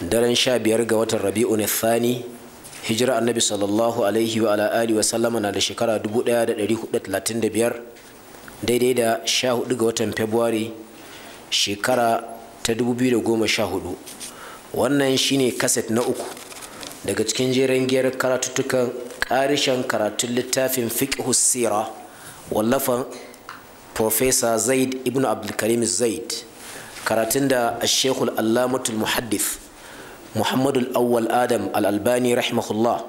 daren sha biyar ga watan rabi'un thani hijira annabi sallallahu alaihi wa ala alihi wa sallama na da shekara 1435 daidai da 14 ga watan february shekara ta 2014 wannan shine kaset na uku daga cikin jeren giyar karatuttukan karishen karatun littafin fiqhu sira wallafan professor zaid ibn abdulkarim zaid karatun da ashekul allamatul muhaddith muhammadul awwal adam al'albani rahimahullah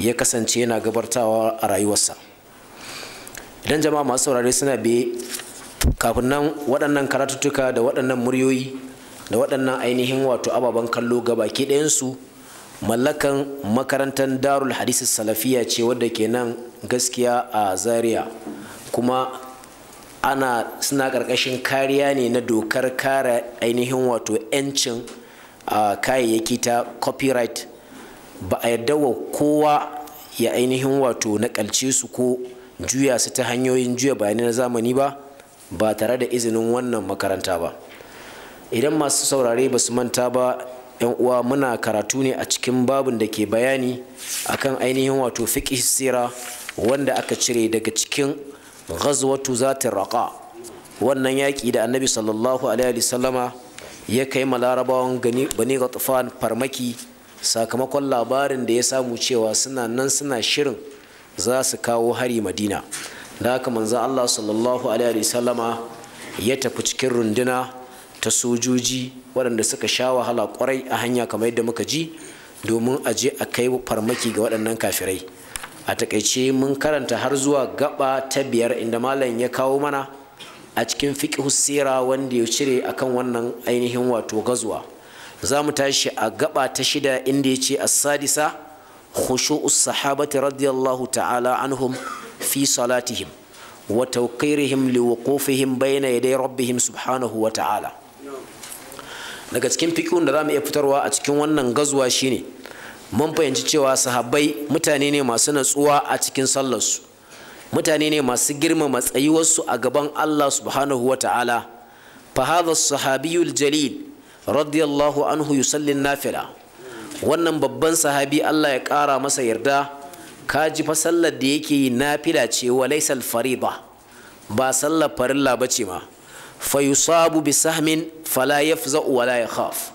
ya kasance yana gabartawa a rayuwarsa idan jama'a masu saurare suna biye kafin nan waɗannan karatuttuka da waɗannan muryoyi da waɗannan ainihin wato ababen kallo ga baki ɗayansu mallakan makarantar darul hadisi salafiya ce wadda ke nan gaskiya a zaria kuma ana suna ƙarƙashin kariya ne na dokar kare ainihin wato 'yancin kayayyaki ta copyright ba a yarda wa kowa ya ainihin wato nakalce su ko juya su ta hanyoyin juya bayanai na zamani ba ba tare da izinin wannan makaranta ba idan masu saurare ba su manta ba yan uwa muna karatu ne a cikin babin da ke bayani akan ainihin wato fiqh sira wanda aka cire daga cikin ghazwatu zatir raqa wannan yaƙi da annabi sallallahu alaihi wasallama ya kai ma larabawan bani tufan farmaki sakamakon labarin da ya samu cewa suna nan suna shirin za su kawo hari madina da haka manzan allah sallallahu alaihi sallama ya tafi cikin runduna ta sojoji waɗanda suka sha wahala kwarai a hanya kamar yadda muka ji domin a je a kai farmaki ga waɗannan kafirai a takaice mun karanta har zuwa gaba ta biyar inda malam ya kawo mana a cikin fiƙihu sira wanda ya cire akan wannan ainihin wato gazuwa za mu tashi a gaba ta shida inda ya ce a sadisa khushu'us sahabati radiyallahu ta'ala anhum fi salatihim wa tawqirihim liwuqufihim bayna yaday rabbihim subhanahu wa ta'ala daga cikin fiƙihu da za mu iya fitarwa a cikin wannan gazuwa shine mun fahimci cewa sahabbai mutane ne masu natsuwa a cikin sallarsu mutane ne masu girmama tsayuwarsu a gaban Allah subhanahu wa ta'ala fa hadha sahabiyul jalil radiyallahu anhu yusallin nafila wannan babban sahabi Allah ya ƙara masa yarda ka ji fa sallar da yake yi nafila ce wa laysal farida ba sallar farilla bace ma fa yusabu bi sahmin fala yafza wa la yakhaf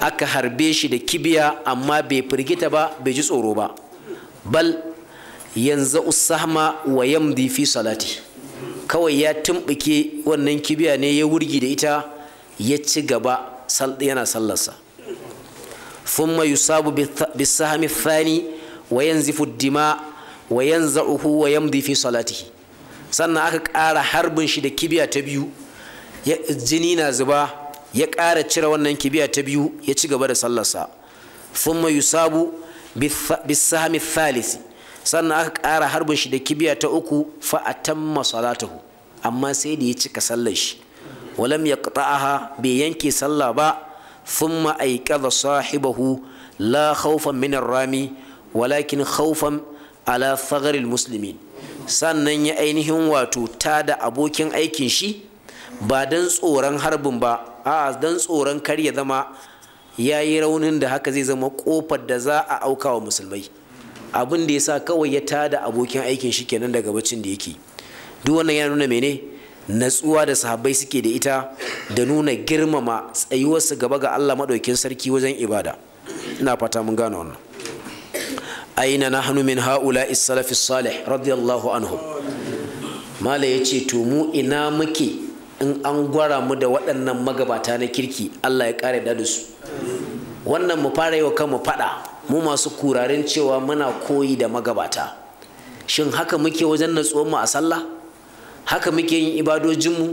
aka harbe shi da kibiya amma bai firgita ba bai ji tsoro ba bal yanzu usahma wa yamdi fi salati kawai ya tumbuke wannan kibiya ne ya wurgi da ita ya ci gaba yana sallarsa thumma yusabu bisahmi thani wa yanzifu dima wa yanzahu wa yamdi fi salatihi sannan aka ƙara harbin shi da kibiya ta biyu jini na zuba ya ƙara cire wannan kibiya ta biyu ya ci gaba da sallarsa thumma yusabu bisahmi thalisi sannan aka ƙara harbin shi da kibiya ta uku fa a tamma salatahu amma sai da ya cika sallar shi walam yaqta'aha bai yanke sallah ba thumma ayqadha sahibahu la khawfan min rami walakin khawfan ala thaghar muslimin sannan ya ainihin wato da abokin aikin shi ba dan tsoron harbin ba a dan tsoron kar ya zama yayi raunin da haka zai zama kofar da za a auka wa musulmai abin da ya sa kawai ya tada abokin aikin shi kenan daga bacin da yake duk wannan ya nuna mene natsuwa da sahabbai suke da ita da nuna girmama tsayuwarsu gaba ga Allah maɗaukin sarki wajen ibada ina fata mun gane wannan aina nahnu min haula salafis salih radiyallahu anhu mala yace to mu ina muke in an gwara mu da waɗannan magabata na kirki Allah ya ƙara da su wannan mu fara yi wa kanmu faɗa mu masu kurarin cewa muna koyi da magabata shin haka muke wajen mu a sallah haka muke yin ibadojin mu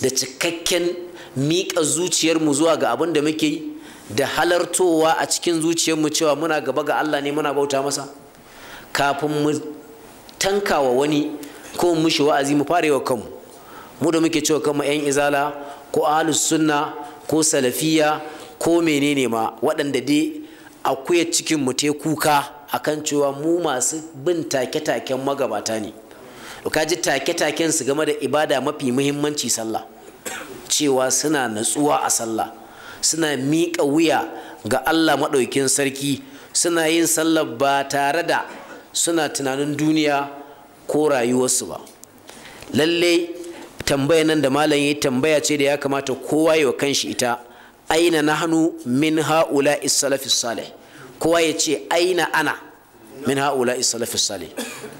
da cikakken miƙa zuciyarmu zuwa ga abin da muke yi da halartowa a cikin zuciyarmu cewa muna gaba ga Allah ne muna bauta masa kafin mu tankawa wani ko mu mushi wa'azi mu fara wa kanmu mu da muke cewa kanmu yan izala ko ahlus sunna ko salafiya ko menene ma waɗanda dai akwai cikin mu te kuka akan cewa mu masu bin take-taken magabata ne ka ji take-taken su game da ibada mafi muhimmanci sallah cewa suna natsuwa a sallah suna miƙa wuya ga Allah maɗaukin sarki suna yin sallah ba tare da suna tunanin duniya ko rayuwarsu ba lallai tambaya nan da malam ya tambaya ce da ya kamata kowa yi wa kanshi ita aina nahnu min haula salafi salih kowa ya ce aina ana min haula salafi salih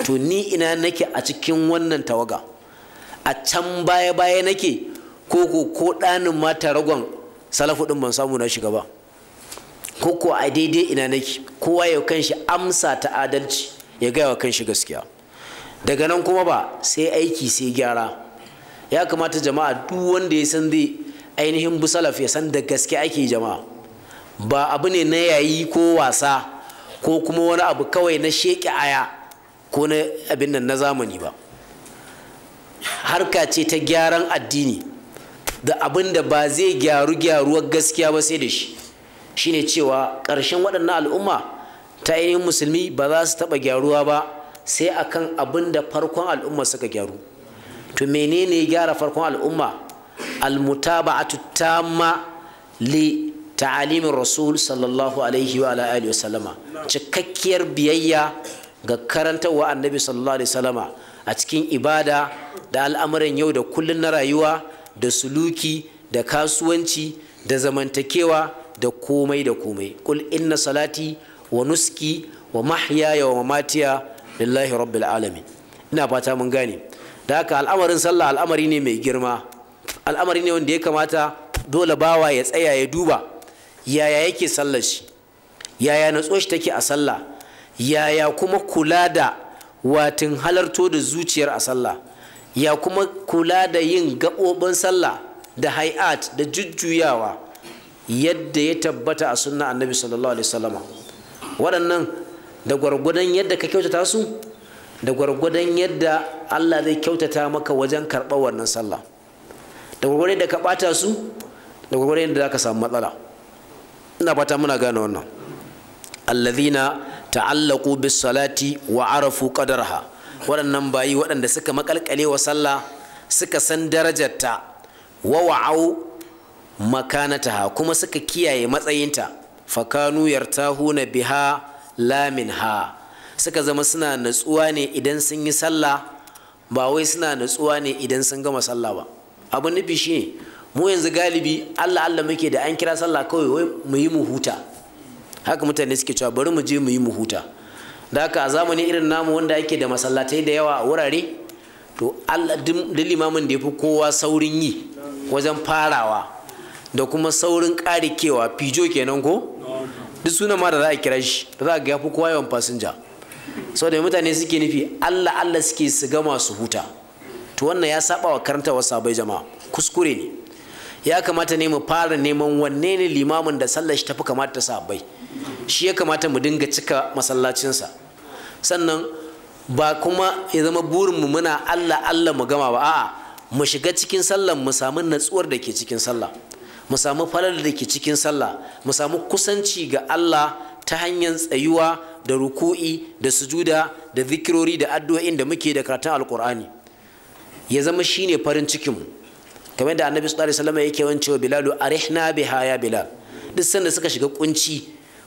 to ni ina nake a cikin wannan tawaga a can baya baya nake ko ko ko ɗanin mata ragon salafu ɗin ban samu na shiga ba ko ko a daidai ina nake kowa ya kanshi amsa ta adalci ya gaya wa kanshi gaskiya daga nan kuma ba sai aiki sai gyara ya kamata jama'a duk wanda ya san zai ainihin busalaf ya san da gaske ake jama'a ba abu ne na yayi ko wasa ko kuma wani abu kawai na sheƙi aya ko na abin nan na zamani ba harka ce ta gyaran addini da abin da ba zai gyaru gyaruwar gaskiya ba sai da shi shine cewa ƙarshen waɗannan al'umma ta ainihin musulmi ba za su taɓa gyaruwa ba sai akan abin da farkon al'umma suka gyaru to menene gyara farkon al'umma almutaba'atu tamma li ta'alimin rasul sallallahu alaihi wa alihi wasallama cikakkiyar biyayya ga karantarwa annabi sallallahu alaihi wasallama a cikin ibada da al'amuran yau da kullun na rayuwa da suluki da kasuwanci da zamantakewa da komai da komai kul inna salati wa nuski wa mahyaya wa mamatiya lillahi rabbil alamin ina fata mun gane da haka al'amarin sallah al'amari ne mai girma al'amari ne wanda ya kamata dole bawa ya tsaya ya duba yaya yake sallar shi yaya natsuwar shi take a sallah yaya kuma kula da watin halarto da zuciyar a sallah ya kuma kula da yin gaɓoɓin sallah da hay'at da jujjuyawa yadda ya tabbata a sunna annabi sallallahu alaihi wasallama waɗannan da gwargwadon yadda ka kyautata su da gwargwadon yadda allah zai kyautata maka wajen karɓar wannan sallah da gwagware da ka ɓata su da gwagware da za ka samu matsala ina fata muna gane wannan allazina ta'allaqu bis salati wa arafu qadarha waɗannan bayi waɗanda suka makalkale wa sallah suka san darajarta wa wa'au makanataha kuma suka kiyaye matsayinta fakanu yartahuna biha la minha suka zama suna natsuwa ne idan sun yi sallah ba wai suna natsuwa ne idan sun gama sallah ba abin nufi shi ne mu yanzu galibi allah allah muke da an kira sallah kawai wai mu yi mu huta haka mutane suke cewa bari mu je mu yi mu huta da haka a zamani irin namu wanda ake da masallatai da yawa a wurare to allah duk limamin da ya fi kowa saurin yi wajen farawa da kuma saurin karikewa fijo kenan ko duk sunan ma da za a kira shi da za a ga ya fi kowa yawan fasinja da mutane suke nufi allah allah suke su gama su huta to wannan ya saba wa wa sabai jama'a kuskure ne ya kamata ne mu fara neman wanne ne limamin da sallar shi tafi kamata ta sabai shi ya kamata mu dinga cika masallacinsa sannan ba kuma ya zama burinmu muna Allah Allah mu gama ba a'a mu shiga cikin sallar mu samu natsuwar da ke cikin sallah mu samu falar da ke cikin sallah mu samu kusanci ga Allah ta hanyar tsayuwa da ruku'i da sujuda da zikirori da addu'o'in da muke da karatun alkur'ani ya zama shi ne farin cikinmu kamar da annabi sallallahu alaihi wasallam yake wa bilalu arihna biha ya bilal duk sanda suka shiga kunci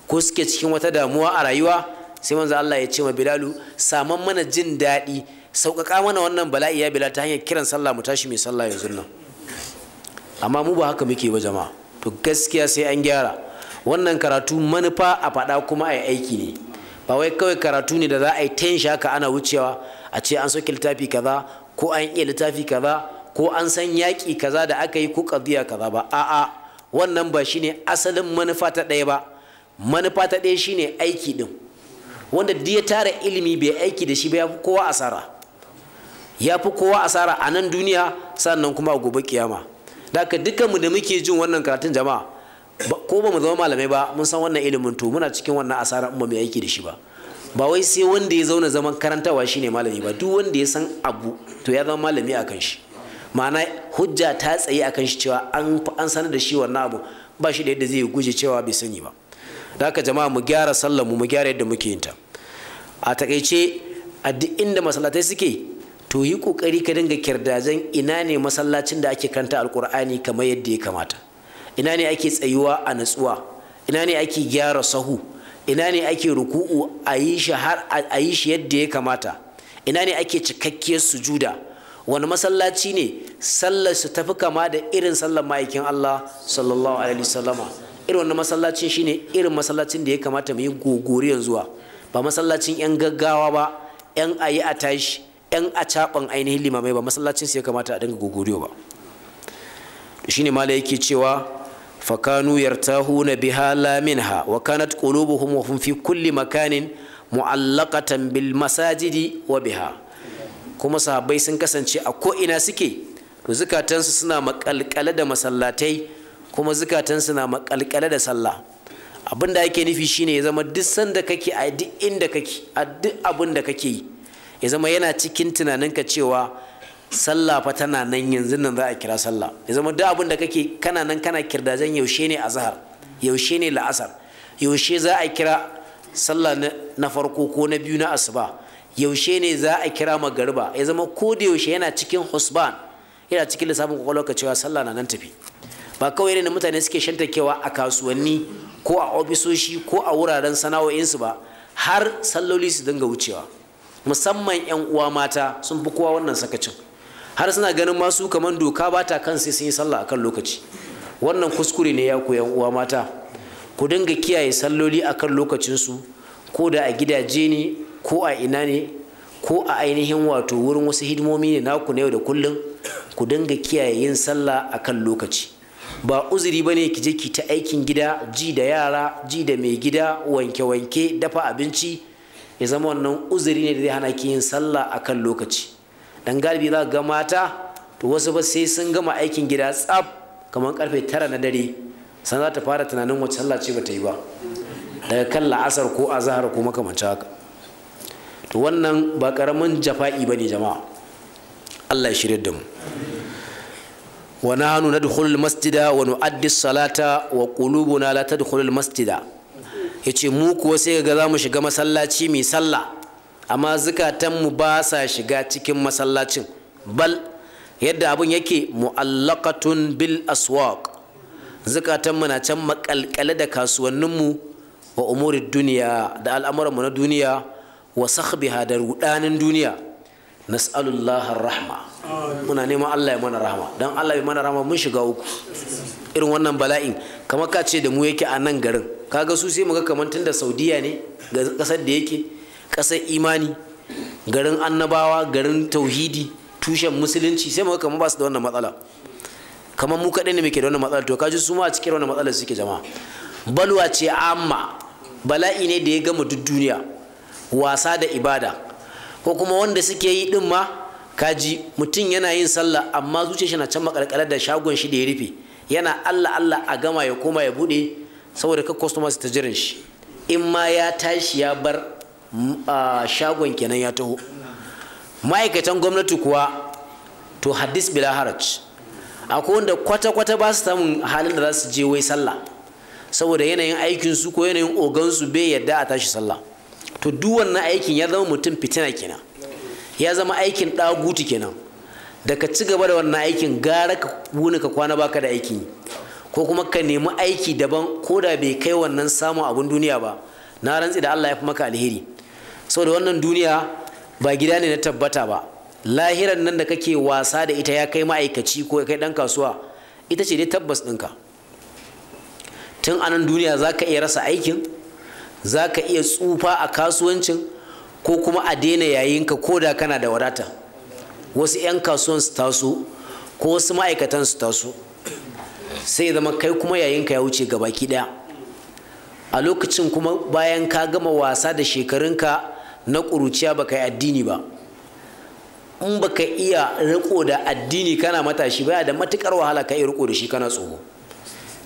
ko suke cikin wata damuwa a rayuwa sai manzo Allah ya ce ma bilalu saman mana jin daɗi sauƙaƙa mana wannan bala'i ya bilal ta hanyar kiran sallah mu tashi mai sallah yanzu nan amma mu ba haka muke ba jama'a to gaskiya sai an gyara wannan karatu manufa a faɗa kuma a aiki ne ba wai kawai karatu ne da za a yi ta yin haka ana wucewa a ce an soke littafi kaza ko an iya littafi kaza ko an san yaƙi kaza da aka yi ko ƙaddiya kaza ba a'a wannan ba shine asalin manufa ta ɗaya ba manufa ta ɗaya shine aiki ɗin wanda duk ya tara ilimi bai aiki da shi ba ya fi kowa asara ya fi kowa asara a nan duniya sannan kuma a gobe kiyama da haka dukkanmu da muke jin wannan karatun jama'a ko ba mu zama malamai ba mun san wannan ilimin to muna cikin wannan asara in ba mu aiki da shi ba ba wai sai wanda ya zauna zaman karantawa shine malami ba duk wanda ya san abu to ya zama malami a kan shi ma'ana hujja ta tsaye kan shi cewa an an sanar da shi wannan abu ba shi da yadda zai guje cewa bai sani ba da haka jama'a mu gyara sallar mu mu gyara yadda muke yin ta a takaice a duk inda masallatai suke to yi kokari ka dinga kirdajen ina ne masallacin da ake kanta alkur'ani kamar yadda ya kamata ina ne ake tsayuwa a natsuwa ina ne ake gyara sahu ina ne ake ruku'u a yi shi har a yi shi yadda ya kamata ina ne ake cikakkiyar sujuda wani masallaci ne sallar su tafi kama da irin sallar ma'aikin Allah sallallahu alaihi wasallama irin wannan masallacin shine irin masallacin da ya kamata mu yi gogoriyan zuwa ba masallacin yan gaggawa ba yan ayi a tashi yan a caban ainihin limamai ba masallacin su ya kamata a dinga gogoriyo ba shine mala yake cewa fakanu yartahuna biha la minha wa kanat qulubuhum wa hum fi kulli makanin mu'allaqatan bil masajidi wa biha kuma sahabbai sun kasance a ko ina suke to zukatansu suna makalkale da masallatai kuma zukatansu na makalkale da sallah abin da ake nufi shine ya zama duk sanda kake a duk inda kake a duk abin da kake ya zama yana cikin tunaninka cewa sallah fa tana nan yanzu nan za a kira sallah ya zama duk abin da kake kana nan kana kirdajen yaushe ne azhar yaushe ne la'asar yaushe za a kira sallah na farko ko na biyu na asuba yaushe ne za a kira magariba ya zama ko da yaushe yana cikin husban yana cikin lissafin kwakwalwa ka cewa sallah na nan tafi ba kawai irin mutane suke shantakewa a kasuwanni ko a ofisoshi ko a wuraren sana'o'insu ba har salloli su dinga wucewa musamman 'yan uwa mata sun fi kowa wannan sakacin har suna ganin masu kamar doka ba ta kan sai sun yi sallah akan lokaci wannan kuskure ne ya koyan uwa mata ku dinga kiyaye salloli akan lokacinsu ko da a gidaje ne ko a ina ne ko a ainihin wato wurin wasu hidimomi ne naku na yau da kullum ku dinga kiyaye yin sallah akan lokaci ba uzuri bane ki je ki ta aikin gida ji da yara ji da mai gida wanke-wanke dafa abinci ya zama wannan uzuri ne da zai hana ki yin sallah akan lokaci dan galibi za ga mata to wasu ba sai sun gama aikin gida tsaf kamar karfe tara na dare san za ta fara tunanin wacce sallah ce ta yi ba daga kan la'asar ko azahar ko makamanci haka to wannan ba karamin jafa'i bane jama'a Allah ya shirya da mu wa nahnu nadkhulul masjida wa nu'addi salata wa qulubuna la tadkhulul masjida yace mu kuwa sai ga za mu shiga masallaci mai sallah amma zukatanmu ba sa shiga cikin masallacin bal yadda abin yake mu'allaqatun bil aswaq zukatanmu na can makalkale da kasuwanninmu wa umuri duniya da al'amuranmu na duniya wa sahbiha da rudanin duniya nas'alullah rahma muna neman Allah ya mana rahma dan Allah ya mana rahma mun shiga uku irin wannan bala'in kamar ka ce da mu yake a nan garin kaga su sai muga kamar tun da Saudiya ne ga kasar da yake ƙasar imani garin annabawa garin tauhidi tushen musulunci sai muka kama ba su da wannan matsala kamar mu kaɗai ne muke da wannan matsala to kaji su ma a cikin wannan matsalar suke jama'a balwa ce amma bala'i ne da ya gama duk duniya wasa da ibada ko kuma wanda suke yi din ma kaji mutum yana yin sallah amma zuciyarsa na can makalkalar da shagon shi da ya rufe yana Allah Allah a gama ya koma ya bude saboda ka customers ta jiran shi in ma ya tashi ya bar shagon kenan ya taho ma'aikatan gwamnati kuwa to hadis bila haraj akwai wanda kwata-kwata ba su samun halin da za su je wai sallah saboda yanayin aikin su ko yanayin ogansu bai yadda a tashi sallah to duk wannan aikin ya zama mutum fitina kenan ya zama aikin ɗagutu kenan da ka ci gaba da wannan aikin gara ka wuni ka kwana baka da aiki ko kuma ka nemi aiki daban ko da bai kai wannan samun abun duniya ba na rantsi da Allah ya fi maka alheri saboda wannan duniya ba gida ne na tabbata ba lahiran nan da kake wasa da ita ya kai ma'aikaci ko ya kai dan kasuwa ita ce dai tabbas ɗinka tun anan duniya za ka iya rasa aikin za ka iya tsufa a kasuwancin ko kuma a daina yayinka ko da kana da wadata wasu 'yan kasuwan su taso ko wasu ma'aikatan su taso sai zama kai kuma yayinka ya wuce gabaki ɗaya a lokacin kuma bayan ka gama wasa da shekarunka na ƙuruciya baka yi addini ba in baka iya riko da addini kana matashi baya da matukar wahala ka iya riko da shi kana tsoho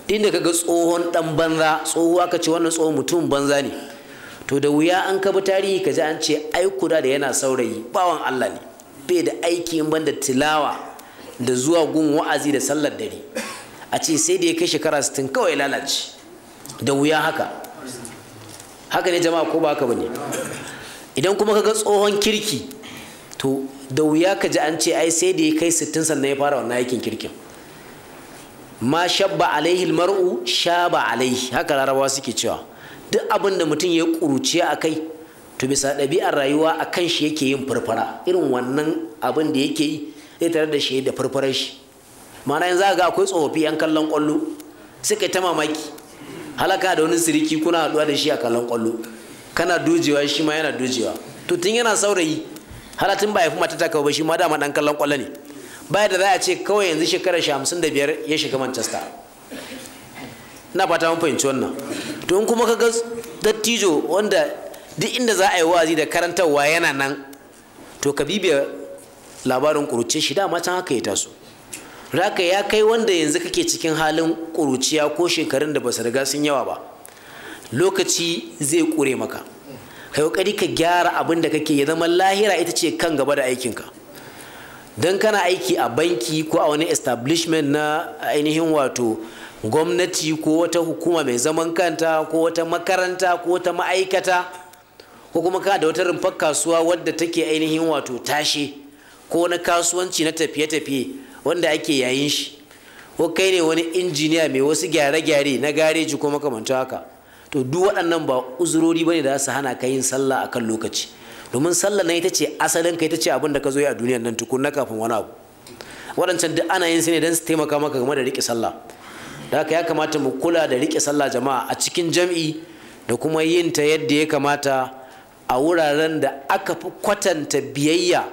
Inda da ga tsohon dan banza tsoho ka ce wannan tsohon mutum banza ne to da wuya an kaba tarihi kaji an ce ai kuda da yana saurayi bawan Allah ne bai da aiki in banda tilawa da zuwa gun wa'azi da sallar dare a ce sai da ya kai shekara 60 kawai lalace da wuya haka haka ne jama'a ko ba haka bane idan kuma kaga tsohon kirki to da wuya ka ji an ce ai sai da ya kai sittin sannan ya fara wannan aikin kirkin ma shabba alaihi mar'u shaba alaihi haka larabawa suke cewa duk abin da mutum ya kuruce a kai to bisa ɗabi'ar rayuwa a kan shi yake yin farfara irin wannan abin da yake yi zai tare da shi da farfarar shi ma'ana yanzu ga akwai tsofaffi yan kallon kwallo suka ta mamaki halaka da wani siriki kuna haɗuwa da shi a kallon kwallo kana dujewa shi ma yana dujewa to tun yana saurayi halatin ba ya fi mata takawa ba shi ma dama dan kallon kwallo ne baya da za a ce kawai yanzu shekara shi hamsin da biyar ya shiga manchester na fata mun fahimci wannan to in kuma kaga dattijo wanda duk inda za a yi wa'azi da karantarwa yana nan to ka bibiya labarin kuruce shi dama can haka ya taso raka ya kai wanda yanzu kake cikin halin kuruciya ko shekarun da ba su riga sun yawa ba lokaci zai kure maka kai ka gyara abin da kake ya zama lahira ita ce kan gaba da aikinka don kana aiki a banki ko a wani establishment na ainihin wato gwamnati ko wata hukuma mai zaman kanta ko wata makaranta ko wata ma'aikata ko kuma ka da wata rumfar kasuwa wadda take ainihin wato tashe ko wani kasuwanci na tafiye-tafiye wanda ake yayin shi ko kai ne wani injiniya mai wasu gyare-gyare na gareji ko makamantan haka to duk waɗannan ba uzurori bane da su hana ka yin sallah akan lokaci domin sallah na ita ce asalin ka ita ce abin da ka zo yi a duniyar nan na kafin wani abu waɗancan duk ana yin su ne don su taimaka maka game da riƙe sallah da haka ya kamata mu kula da riƙe sallah jama'a a cikin jam'i da kuma yin ta yadda ya kamata a wuraren da aka fi kwatanta biyayya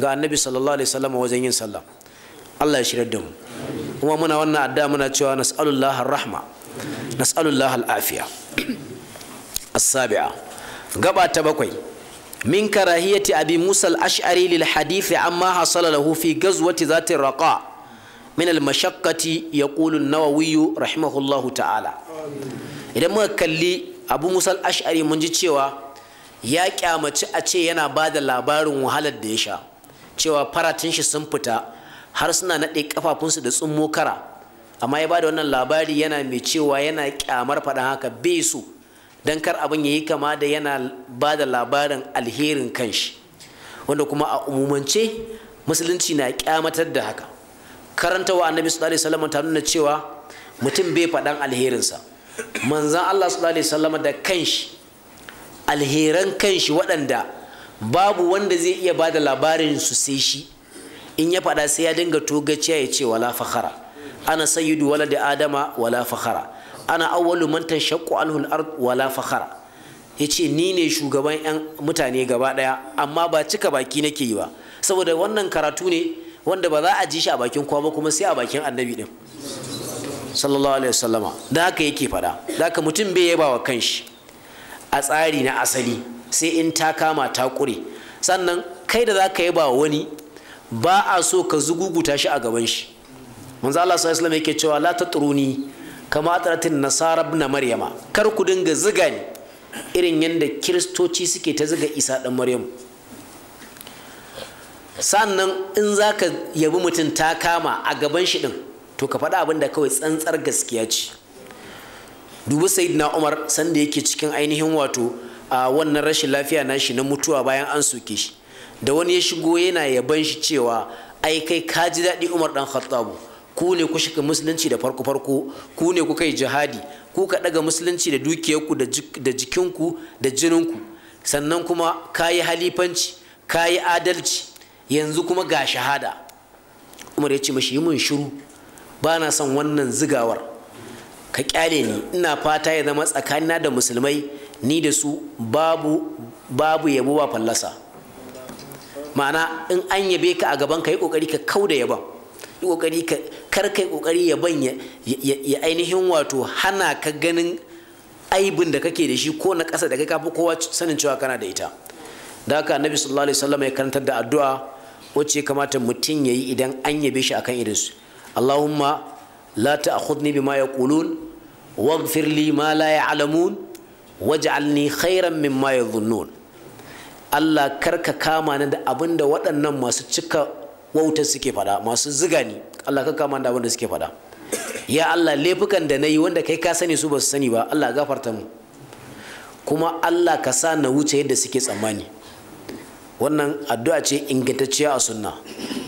ga annabi sallallahu alaihi wasallam wajen yin sallah Allah ya shirar da mu kuma muna wannan addu'a muna cewa nas'alullahi rahma nas'alullahi al'afiya Assabi'a Gaba ta bakwai Min karahiyati abi Musa al-ash'ari lil hadithi amma hasala lahu fi gazwati zati raqa Min al-mashakkati yaqulu nawawiyu rahimahullahu ta'ala Idan muka kalli abu Musa al-ash'ari mun ji cewa Ya kyamaci a ce yana ba da labarin wahalar da ya sha Cewa faratin shi sun fita Har suna naɗe ƙafafunsu da tsummo kara amma ya bada wannan labari yana mai cewa yana kyamar faɗin haka bai su don kar abin ya yi kama da yana ba da labarin alherin kanshi wanda kuma a umumance musulunci na kyamatar da haka karantawa annabi sallallahu alaihi wasallam ta nuna cewa mutum bai faɗan alherinsa manzan Allah sallallahu alaihi wasallam da kanshi alheran kanshi waɗanda babu wanda zai iya ba da labarin su sai shi in ya faɗa sai ya dinga togaciya ya ce wala fakhara ana sayyidu da adama wala fakhara ana awwalu man tashaqqu alhul ard wala fakhara yace ni ne shugaban yan mutane gaba daya amma ba cika baki nake yi ba saboda wannan karatu ne wanda ba za a ji shi a bakin kowa ba kuma sai a bakin annabi din sallallahu alaihi wasallama da haka yake fada da haka mutum bai yaba wa kanshi a tsari na asali sai in ta kama ta kure sannan kai da za ka yaba wani ba a so ka zuguguta shi a gaban shi manzo Allah sallallahu alaihi yake cewa la tatruni kama taratin nasara ibn maryama kar ku dinga ziga ni irin yanda kiristoci suke ta ziga isa dan maryam sannan in zaka yabi mutum ta kama a gaban shi din to ka faɗa abin da kawai tsantsar gaskiya ce dubi sayyidina umar sanda yake cikin ainihin wato a wannan rashin lafiya na shi na mutuwa bayan an soke shi da wani ya shigo yana yaban shi cewa ai kai ka ji daɗi umar dan khattabu ku ne ku shiga musulunci da farko farko ku ne ku kai jihadi ku ka daga musulunci da dukiyarku da jikinku da jininku sannan kuma ka yi halifanci ka yi adalci yanzu kuma ga shahada umar ya ce mashi yi mun shiru ba na son wannan zigawar ka kyale ni ina fata ya zama tsakanina da musulmai ni da su babu babu yabo ba fallasa ma'ana in an yabe ka a gaban ka yi kokari ka kau da yaban yi kokari ka kar kai kokari ya ban ya ainihin wato hana ka ganin aibin da kake da shi ko na ƙasa da kai kafi kowa sanin cewa kana da ita da haka annabi sallallahu alaihi wasallam ya karantar da addu'a wacce kamata mutum yayi idan an yabe shi akan irin su Allahumma la ta'khudni bima yaqulun waghfir li ma la ya'lamun waj'alni khairan mimma yadhunnun Allah karka kama ni da abin da waɗannan masu cika wautar suke faɗa masu ziga ni Allah ka kama da wanda suke faɗa ya Allah laifukan da na yi wanda kai ka sani su ba su sani ba Allah gafarta mu kuma Allah ka sa na wuce yadda suke tsammani wannan addu'a ce ingantacciya a sunna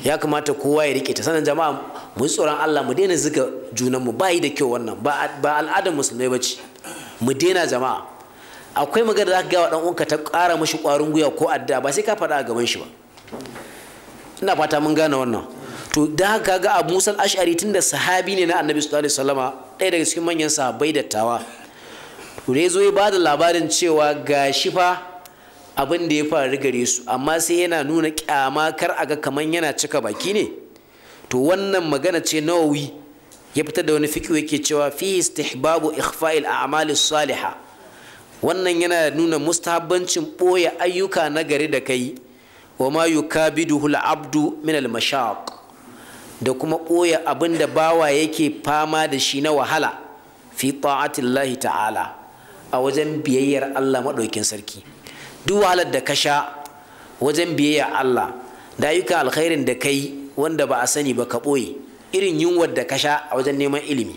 ya kamata kowa ya rike ta sanan jama'a mu tsoron Allah mu daina zuga junan mu bayi da kyau wannan ba al'adar musulmai bace mu daina jama'a akwai magana da zaka ga wa dan uwanka ta ƙara mishi ƙwarin guya ko addu'a ba sai ka faɗa a gaban shi ba ina fata mun gane wannan to da haka ga abu musal ash'ari da sahabi ne na annabi sallallahu alaihi wasallama ɗaya daga cikin manyan sahabbai dattawa to da yazo ya ba da labarin cewa ga shi fa abin da ya faru gare su amma sai yana nuna kyama kar a ga kamar yana cika baki ne to wannan magana ce nawawi ya fitar da wani fiqh yake cewa fi istihbabu ikhfa'il a'mali salihah wannan yana nuna mustahabbancin ɓoye ayyuka na gari da kai wa ma yukabiduhu al-abdu min al-mashaq da kuma ɓoye abin da bawa yake fama da shi na wahala fi ta'atillahi ta'ala a wajen biyayyar Allah maɗaukin sarki duk wahalar da ka sha wajen biyayya Allah da ayyukan alkhairin da kai wanda ba a sani ba ka ɓoye irin yunwar da ka sha a wajen neman ilimi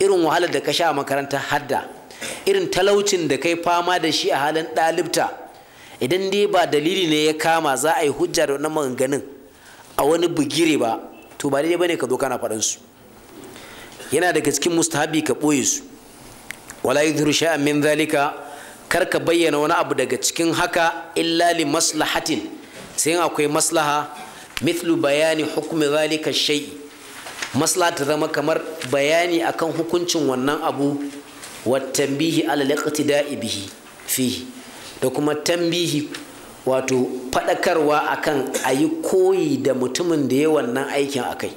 irin wahalar da ka sha a makarantar hadda irin talaucin da kai fama da shi a halin ɗalibta idan dai ba dalili ne ya kama za a yi hujja da wannan maganganun a wani bigire ba to ba daidai bane ka zo kana faɗan su yana daga cikin mustahabi ka ɓoye su wala yudhiru sha'an min zalika kar ka bayyana wani abu daga cikin haka illa li maslahatin sai akwai maslaha mithlu bayani hukmi zalika shay'i maslaha ta zama kamar bayani akan hukuncin wannan abu wa tanbihi ala liqtida'i bihi fihi da kuma tambihi. wato faɗakarwa akan a yi koyi da mutumin da ya wannan aikin a kai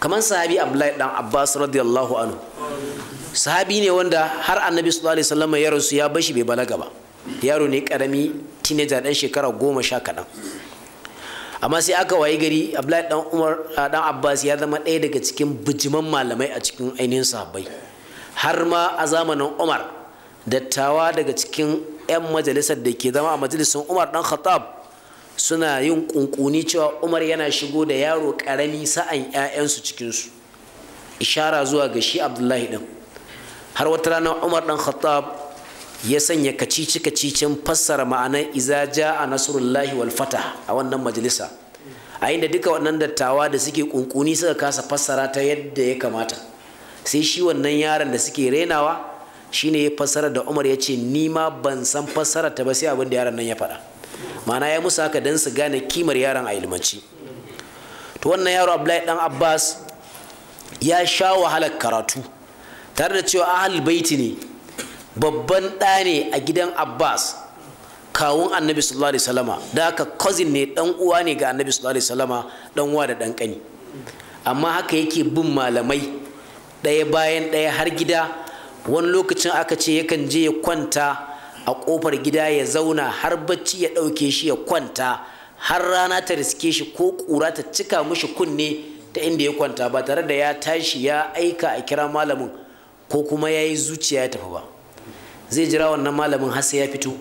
kamar sahabi abdullahi dan abbas radiyallahu anhu sahabi ne wanda har annabi sallallahu alaihi wasallam ya rasu ya bashi bai balaga ba yaro ne karami teenager dan shekara goma sha kaɗan amma sai aka wayi gari abdullahi dan umar dan abbas ya zama ɗaya daga cikin bijiman malamai a cikin ainihin sahabbai har ma a zamanin umar dattawa daga cikin 'yan majalisar da ke zama a majalisar umar dan khattab suna yin kunkuni cewa umar yana shigo da yaro karami sa'an 'ya'yansu cikinsu ishara zuwa ga shi abdullahi din har wata rana umar dan khattab ya sanya kacici kacicin fassara ma'anar iza a nasrullahi wal fatah a wannan majalisa a inda duka wannan dattawa da suke kunkuni suka kasa fassara ta yadda ya kamata sai shi wannan yaron da suke renawa shine ya fassara da Umar ya ce ni ma ban san fassara ta ba sai abin da yaron nan ya faɗa ma'ana ya musu haka don su gane kimar yaron a ilmanci to wannan yaro Abdullahi dan Abbas ya sha wahalar karatu tare da cewa ahal baiti ne babban ɗa ne a gidan Abbas kawun annabi sallallahu alaihi wasallama da haka cousin ne dan uwa ne ga annabi sallallahu alaihi wasallama dan uwa da dan kani amma haka yake bin malamai ɗaya bayan ɗaya har gida wani lokacin aka ce yakan je ya kwanta a kofar gida ya zauna har bacci ya ɗauke shi ya kwanta har rana ta riske shi ko ƙura ta cika mishi kunne ta inda ya kwanta ba tare da ya tashi ya aika a kira malamin ko kuma ya yi zuciya ya tafi ba zai jira wannan malamin har sai ya fito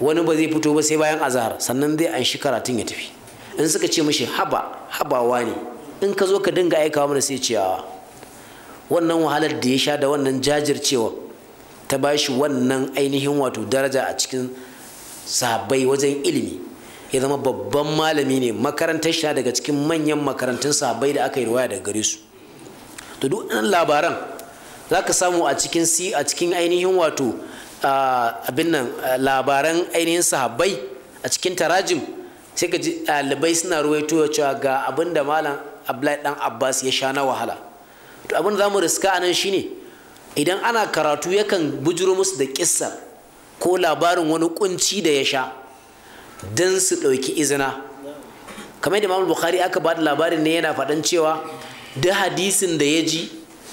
wani ba zai fito ba sai bayan azahar sannan zai an shi karatun ya tafi in suka ce mishi haba habawa ne in ka zo ka dinga aikawa mana sai ciyawa wannan wahalar da ya sha da wannan jajircewa ta ba shi wannan ainihin wato daraja a cikin sahabbai wajen ilimi ya zama babban malami ne makarantar sha daga cikin manyan makarantun sahabbai da aka yi ruwa daga gare su to duk wannan labaran za ka samu a cikin si a cikin ainihin wato abin nan labaran ainihin sahabbai a cikin tarajim sai ka ji ɗalibai suna ruwaito cewa ga abin da malam abdullahi dan abbas ya sha na wahala to abin da za mu riska anan shine idan ana karatu yakan bujuro musu da kissa ko labarin wani kunci da ya sha don su ɗauki izina kamar da mamul Bukhari aka ba da labarin ne yana faɗan cewa duk hadisin da ya ji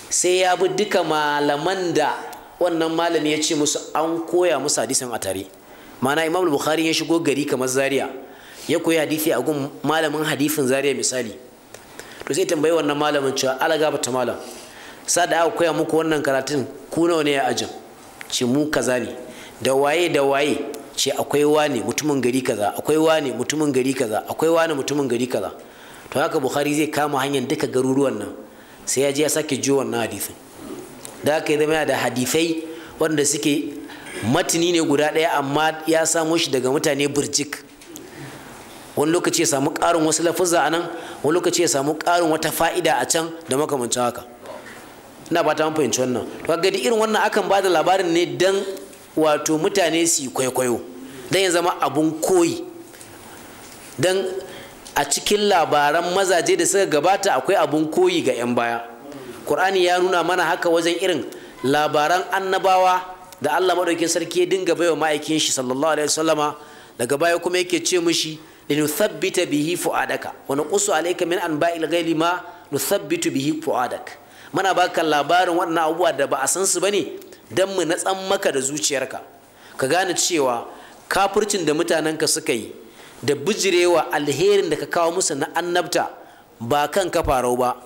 sai ya bi duka malaman da wannan malami ya ce musu an koya musu hadisin a tare mana imamul bukhari ya shigo gari kamar zaria ya koyi hadisi a gun malamin hadisin zaria misali to sai tambayi wannan malamin cewa ala gaba ta malam sa da aka koya muku wannan karatun ku nawa ne ya ajin ce mu kaza ne da waye da waye ce akwai wane mutumin gari kaza akwai wane mutumin gari kaza akwai wane mutumin gari kaza to haka bukhari zai kama hanyar duka garuruwan nan sai ya je ya sake jiwo wannan hadisin da haka ya zama da hadisai wanda suke matini ne guda ɗaya amma ya samo shi daga mutane birjik wani lokaci ya samu ƙarin wasu lafuzza a nan wani lokaci ya samu ƙarin wata fa'ida a can da makamancin haka ina ba ta fahimci wannan kaga gadi irin wannan akan ba da labarin ne dan wato mutane su kwaikwayo dan ya zama abun koyi dan a cikin labaran mazaje da suka gabata akwai abun koyi ga 'yan baya Qur'ani ya nuna mana haka wajen irin labaran annabawa da Allah maɗauki sarki ya dinga baiwa ma'aikin shi sallallahu alaihi wasallama daga baya kuma yake ce mishi linuthabbita bihi fu'adaka wa nuqsu alayka min anba'il ghaibi ma nuthabbitu bihi fu'adak muna baka labarin wannan abubuwa da ba a san su bane dan mu natsan maka da zuciyarka ka gane cewa kafircin da mutanen ka suka yi da bijirewa alherin da ka kawo musu na annabta ba kan ka kafarau ba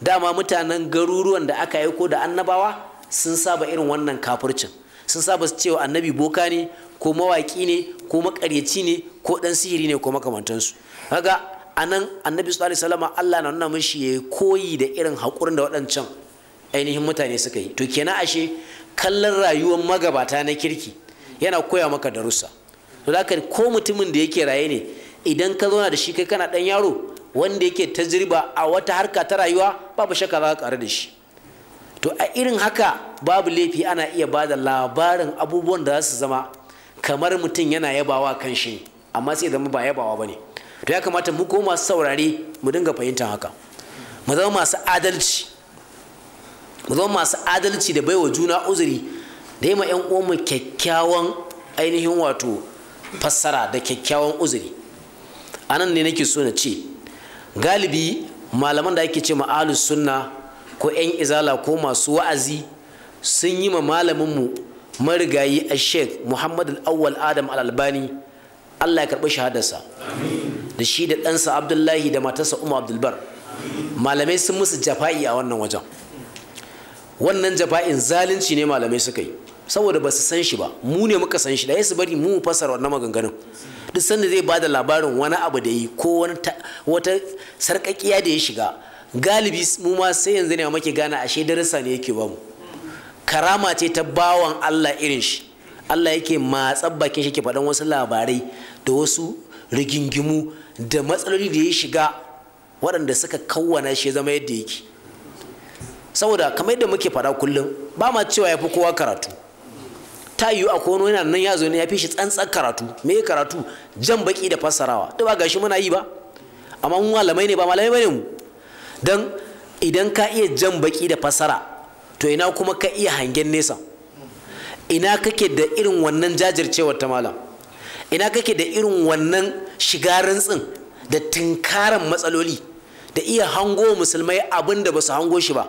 dama mutanen garuruwan da aka aiko da annabawa sun saba irin wannan kafircin sun saba cewa annabi boka ne ko mawaƙi ne ko makaryaci ne ko ɗan sihiri ne ko makamantansu kaga anan annabi sallallahu alaihi wasallam Allah na nuna mishi ya koyi da irin haƙurin da waɗancan ainihin mutane suka yi to kenan ashe kallon rayuwar magabata na kirki yana koya maka darussa to da ko mutumin da yake raye ne idan ka zauna da shi kai kana ɗan yaro wanda yake tajriba a wata harka ta rayuwa babu shakka za ka ƙaru da shi to a irin haka babu laifi ana iya ba da labarin abubuwan da za su zama kamar mutum yana yabawa kan shi amma sai zama ba yabawa ba ne to ya kamata mu ko masu saurare mu dinga fahimtar haka mu zama masu adalci mu zama masu adalci da baiwa juna uzuri da yi ma 'yan uwanmu kyakkyawan ainihin wato fassara da kyakkyawan uzuri anan ne nake so na ce galibi malaman da ake ce ma sunna ko 'yan izala ko masu wa'azi sun yi ma malaminmu marigayi a sheik muhammad al'awwal adam al'albani allah ya karɓi shahadarsa da shi da ɗansa abdullahi da matarsa umar abdulbar malamai sun musu jafa'i a wannan wajen wannan jafa'in zalunci ne malamai suka yi saboda ba su san shi ba mu ne muka san shi da su bari mu fasara wannan maganganun duk sanda zai bada labarin wani abu da yi ko wata sarƙaƙiya da ya shiga galibi mu ma sai yanzu ne muke gana ashe darasa ne yake ba mu karama ce ta bawan Allah irin shi Allah yake matsa bakin shi ke faɗan wasu labarai da wasu rigingimu da matsaloli da ya shiga waɗanda suka kawwana shi zama yadda yake saboda kamar yadda muke faɗa kullum ba ma cewa ya fi kowa karatu ta yiwu a kono yana nan ya zo ne ya fi shi tsantsar karatu me ya karatu jan baki da fassarawa da ba gashi muna yi ba amma mu malamai ne ba malamai ne mu Don idan ka iya jan baki da fassara to ina kuma ka iya hangen nesa ina kake da irin wannan jajircewar ta malam ina kake da irin wannan shiga rantsin da tinkaran matsaloli da iya hango musulmai abin da ba su hango shi ba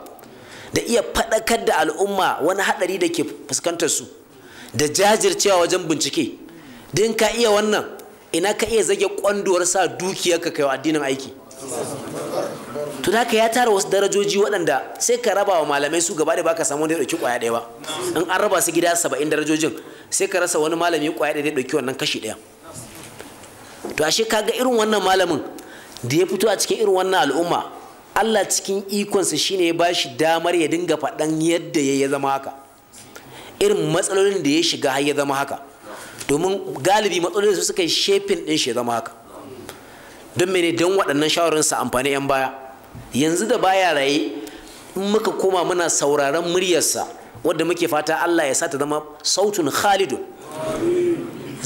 da iya faɗakar da al'umma wani haɗari da ke fuskantar su da jajircewa wajen bincike din ka iya wannan ina ka iya zage kwanduwar sa dukiyarka kai wa addinin aiki to da ya tara wasu darajoji waɗanda sai ka raba wa malamai su gaba da baka samu wanda ya ɗauki ƙwaya ɗaya ba in an raba su gida saba'in darajojin sai ka rasa wani malami ƙwaya ɗaya da ɗauki wannan kashi ɗaya to ashe ka ga irin wannan malamin da ya fito a cikin irin wannan al'umma Allah cikin ikonsa shine ya bashi damar ya dinga faɗan yadda ya zama haka irin matsalolin da ya shiga har ya zama haka domin galibi matsalolin su suka yi shefin din shi zama haka don mene don waɗannan shawarar sa amfani 'yan baya yanzu da baya raye in muka koma muna sauraron muryarsa wadda muke fata Allah ya sa ta zama sautun khalidun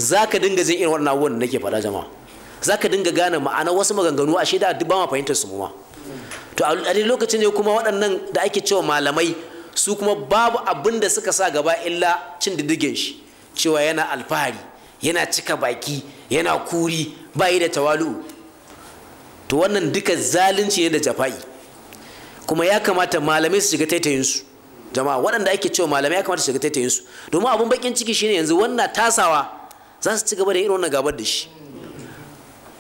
za ka dinga jin irin wannan abubuwan da nake faɗa jama'a za ka dinga gane ma'ana wasu maganganu a shaida duk ba ma fahimtar su ma to a lokacin ne kuma waɗannan da ake cewa malamai su kuma babu abin da suka sa gaba illa cin diddigin shi cewa yana alfahari yana cika baki yana kuri yi da tawalu to wannan duka zalunci ne da jafa'i kuma ya kamata malamai su shiga taitayinsu jama'a waɗanda ake cewa malamai ya kamata su shiga taitayinsu domin abun bakin ciki shine yanzu wannan tasawa za su ci gaba da irin wannan gabar da shi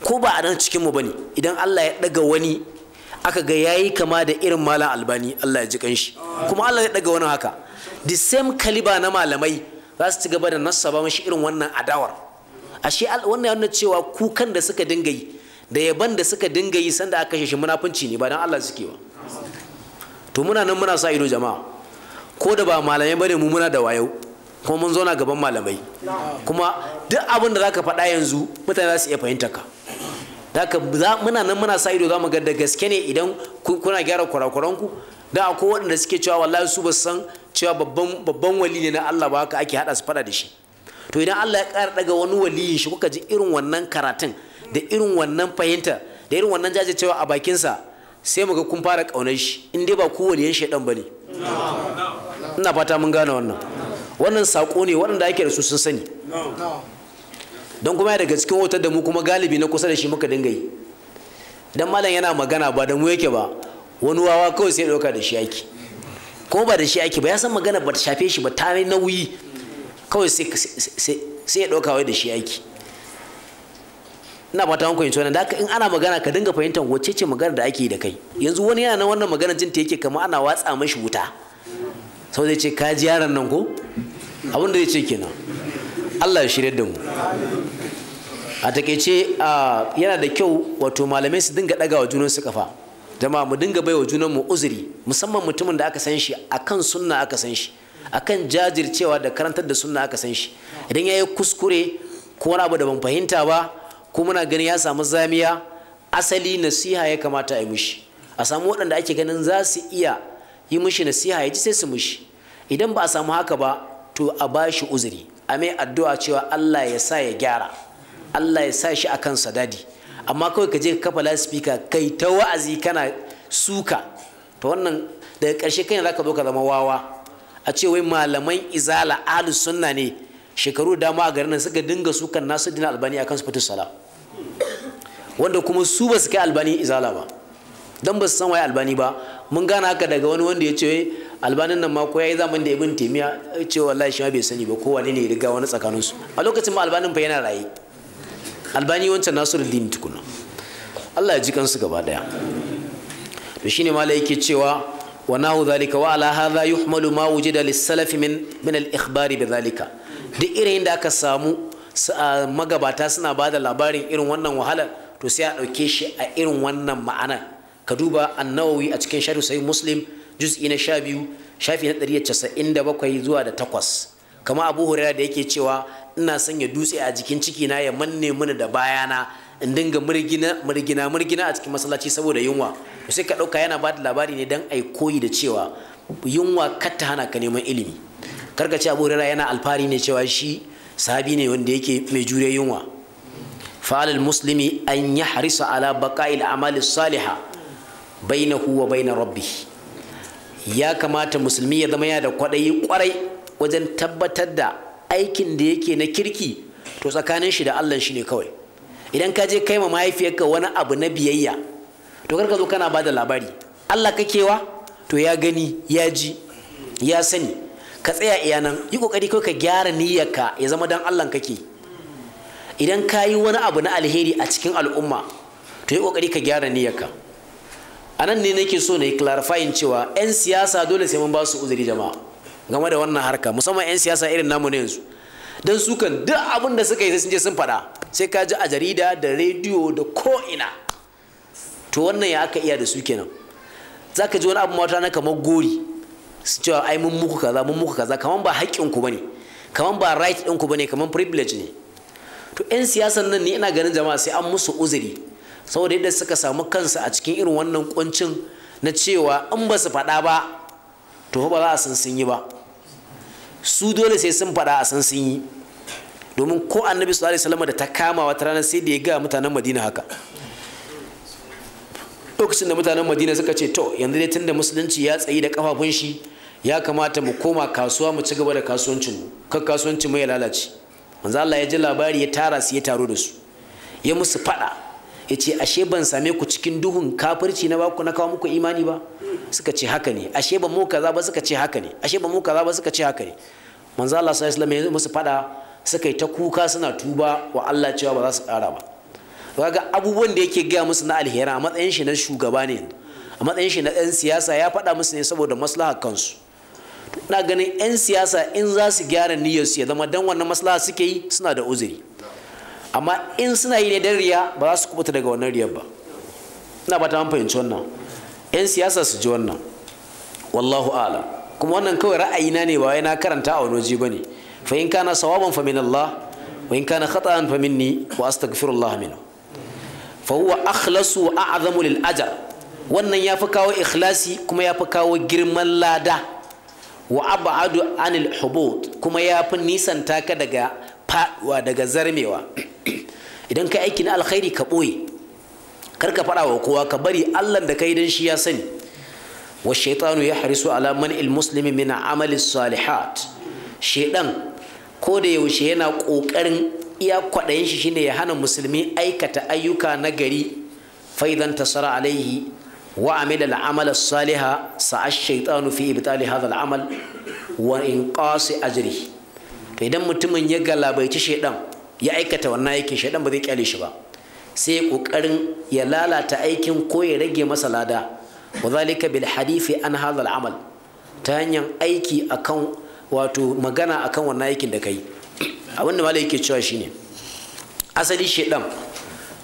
ko ba a nan cikinmu ba ne idan allah ya ɗaga wani aka ga yayi kama da irin malam albani allah ya ji kanshi kuma allah ya ɗaga wani haka the same kaliba na malamai za su ci gaba da nasaba mashi irin wannan adawar ashe wannan yana cewa kukan da suka dinga yi da yaban da suka dinga yi sanda aka kashe shi munafunci ne ba dan Allah suke ba to muna nan muna sa ido jama'a ko da ba malamai bane mu muna da wayo kuma mun zauna gaban malamai kuma duk abin da zaka faɗa yanzu mutane za su iya fahimta ka daga muna nan muna sa ido za mu ga da gaske ne idan kuna gyara kurakuranku da akwai waɗanda suke cewa wallahi su ba san cewa babban wali ne na Allah ba haka ake hada su fada da shi to idan Allah ya ƙara daga wani waliyin shi kuka ji irin wannan karatun da irin wannan fahimta da irin wannan jajircewa a bakinsa sai mu ga kun fara ƙaunar shi in dai ba ku waliyan dan bane ina fata mun gane wannan wannan sako ne waɗanda ake da su sun sani don kuma daga cikin wutar da mu kuma galibi na kusa da shi muka dinga yi dan malam yana magana ba da mu yake ba wani wawa kawai sai ɗauka da shi yake ko ba da shi ake ba ya san magana ba ta shafe shi ba ta yi nauyi kawai sai ya ɗauka wai da shi aiki ina fata hankali tsohon da in ana magana ka dinga fahimtar wacce ce magana da ake da kai yanzu wani yana nan wannan magana jin ta yake kamar ana watsa mashi wuta sau zai ce ka ji yaran nan ko abin da zai ce kenan Allah ya shirya da mu a takaice ah, yana da kyau wato malamai su dinga ɗaga wa su kafa jama'a mu dinga baiwa junanmu uzuri musamman mutumin da aka san shi akan sunna aka san shi akan jajircewa da karantar da sunna aka san shi idan ya yi kuskure ko wani abu da ban fahimta ba ko muna ganin ya samu zamiya asali nasiha ya kamata a yi mushi a samu waɗanda ake ganin za su iya yi mushi nasiha ya ji sai su mushi idan ba a samu haka ba to a ba shi uzuri a mai addu'a cewa Allah ya sa ya gyara Allah ya sa shi akan sadadi amma kawai ka je ka kafa laspika kai ta wa'azi kana suka ta wannan daga ƙarshe kai za ka zo ka zama wawa a ce wai malaman izala ahlus sunna ne shekaru dama a garin nan suka dinga sukan nasu dina albani akan su fitus sala wanda kuma su ba su kai albani izala ba dan ba su san waye albani ba mun gana haka daga wani wanda ya ce albanin nan ma ko yayi zaman da ibn taymiya ce wallahi shi ma bai sani ba ko wani ne ya riga wani tsakaninsu a lokacin ma albanin fa yana raye albani wancan nasiruddin tukuna Allah ya ji kansu gaba daya to shine malai yake cewa wa nahu zalika wa ala hadha yuhmalu ma wujida lis-salaf min min al-ikhbar zalika. duk irin da aka samu magabata suna ba da labarin irin wannan wahalar to sai a dauke shi a irin wannan ma'anar ka duba nawawi a cikin sharh sahih muslim juz'i na 12 shafi na 197 zuwa da 8 kama abu hurairah da yake cewa ina ya dutse a jikin ciki na ya manne mini da bayana in dinga murgina murgina murgina a cikin masallaci saboda yunwa sai ka ɗauka yana bada labari ne dan ai koyi da cewa yunwa kar hana ka neman ilimi Kar ka ce abu yana alfahari ne cewa shi sahabi ne wanda yake mai jure yunwa fa'alal muslimi an ya harisa ala baqa'il amali saliha bainahu wa baina rabbi ya kamata musulmi ya zama yana da kwaɗayi kwarai wajen tabbatar da aikin da yake na kirki to tsakanin shi da Allah shi ne kawai idan ka je kai ma mahaifiyarka wani abu na biyayya to kar ka zo kana bada labari Allah kakewa to ya gani ya ji ya sani ka tsaya iya nan yi kokari kai ka gyara niyyarka ya zama dan Allah kake idan ka yi wani abu na alheri a cikin al'umma to yi kokari ka gyara niyyarka a nan ne nake so na yi clarifying cewa 'yan siyasa dole sai mun ba su uzuri jama'a game da wannan harka musamman 'yan siyasa irin namu ne yanzu don su kan duk abin da suka yi sun je sun faɗa sai ka ji a jarida da rediyo da ko'ina to wannan ya aka iya da su kenan za ka ji wani abu mata na kamar gori su cewa ai mun muku kaza mun muku kaza kamar ba haƙƙin ba ne kamar ba right ɗinku ba ne kamar privilege ne to 'yan siyasan nan ne ina ganin jama'a sai an musu uzuri saboda yadda suka samu kansu a cikin irin wannan kuncin na cewa in ba su faɗa ba to ba za a san sun yi ba su dole sai sun faɗa a san sun yi domin ko annabi sallallahu alaihi wasallam da ta kama wata rana sai da ya ga mutanen madina haka lokacin da mutanen madina suka ce to yanzu dai tunda musulunci ya tsayi da kafafun shi ya kamata mu koma kasuwa mu ci gaba da kasuwancin mu kan kasuwancin mu ya lalace manzo Allah ya ji labari ya tara su ya taro da su ya musu faɗa. ya ce ashe ban same ku cikin duhun kafirci na baku na kawo muku imani ba suka ce haka ne ashe ban mu kaza ba suka ce haka ne ashe ban mu kaza ba suka ce haka ne manzo Allah sallallahu alaihi wasallam ya musu fada suka yi ta kuka suna tuba wa Allah cewa ba za su kara ba kaga abubuwan da yake gaya musu na alhera a matsayin shi na shugaba ne a matsayin shi na ɗan siyasa ya faɗa musu ne saboda maslaha kansu na ganin 'yan siyasa in za su gyara su ya zama dan wannan maslaha suke yi suna da uzuri amma in suna yi ne dan riya ba za su kubuta daga wannan riyar ba ina ba ta fahimci wannan yan siyasa su ji wannan wallahu ala kuma wannan kawai ra'ayina ne ba wai na karanta a wani waje bane fa in kana sawaban fa min Allah wa in kana khata'an fa minni wa astaghfirullah minhu fa huwa akhlasu wa a'zamu lil ajr wannan yafi kawo ikhlasi kuma yafi kawo girman lada wa ab'adu anil hubut kuma ya fi nisan taka daga faduwa daga zarmewa idan ka aiki na alkhairi ka ɓoye kar ka faɗa wa kowa ka bari allah da kai dan shi ya sani wa shaitanu ya harisu ala man'il muslimi min amali salihat shaidan ko da yaushe yana ƙoƙarin iya kwaɗayin shi shine ya hana musulmi aikata ayyuka na gari faidan tasara alaihi wa amila al'amal saliha sa'a shaitanu fi ibtali hadha al'amal wa inqasi ajri to idan mutumin ya galabaici shaidan ya aikata wannan aikin shaidan ba zai kyale shi ba sai kokarin ya lalata aikin ko ya rage masa lada wa zalika bil hadithi an hadha al amal ta hanyar aiki akan wato magana akan wannan aikin da kai abin da malai yake cewa shine asali shaidan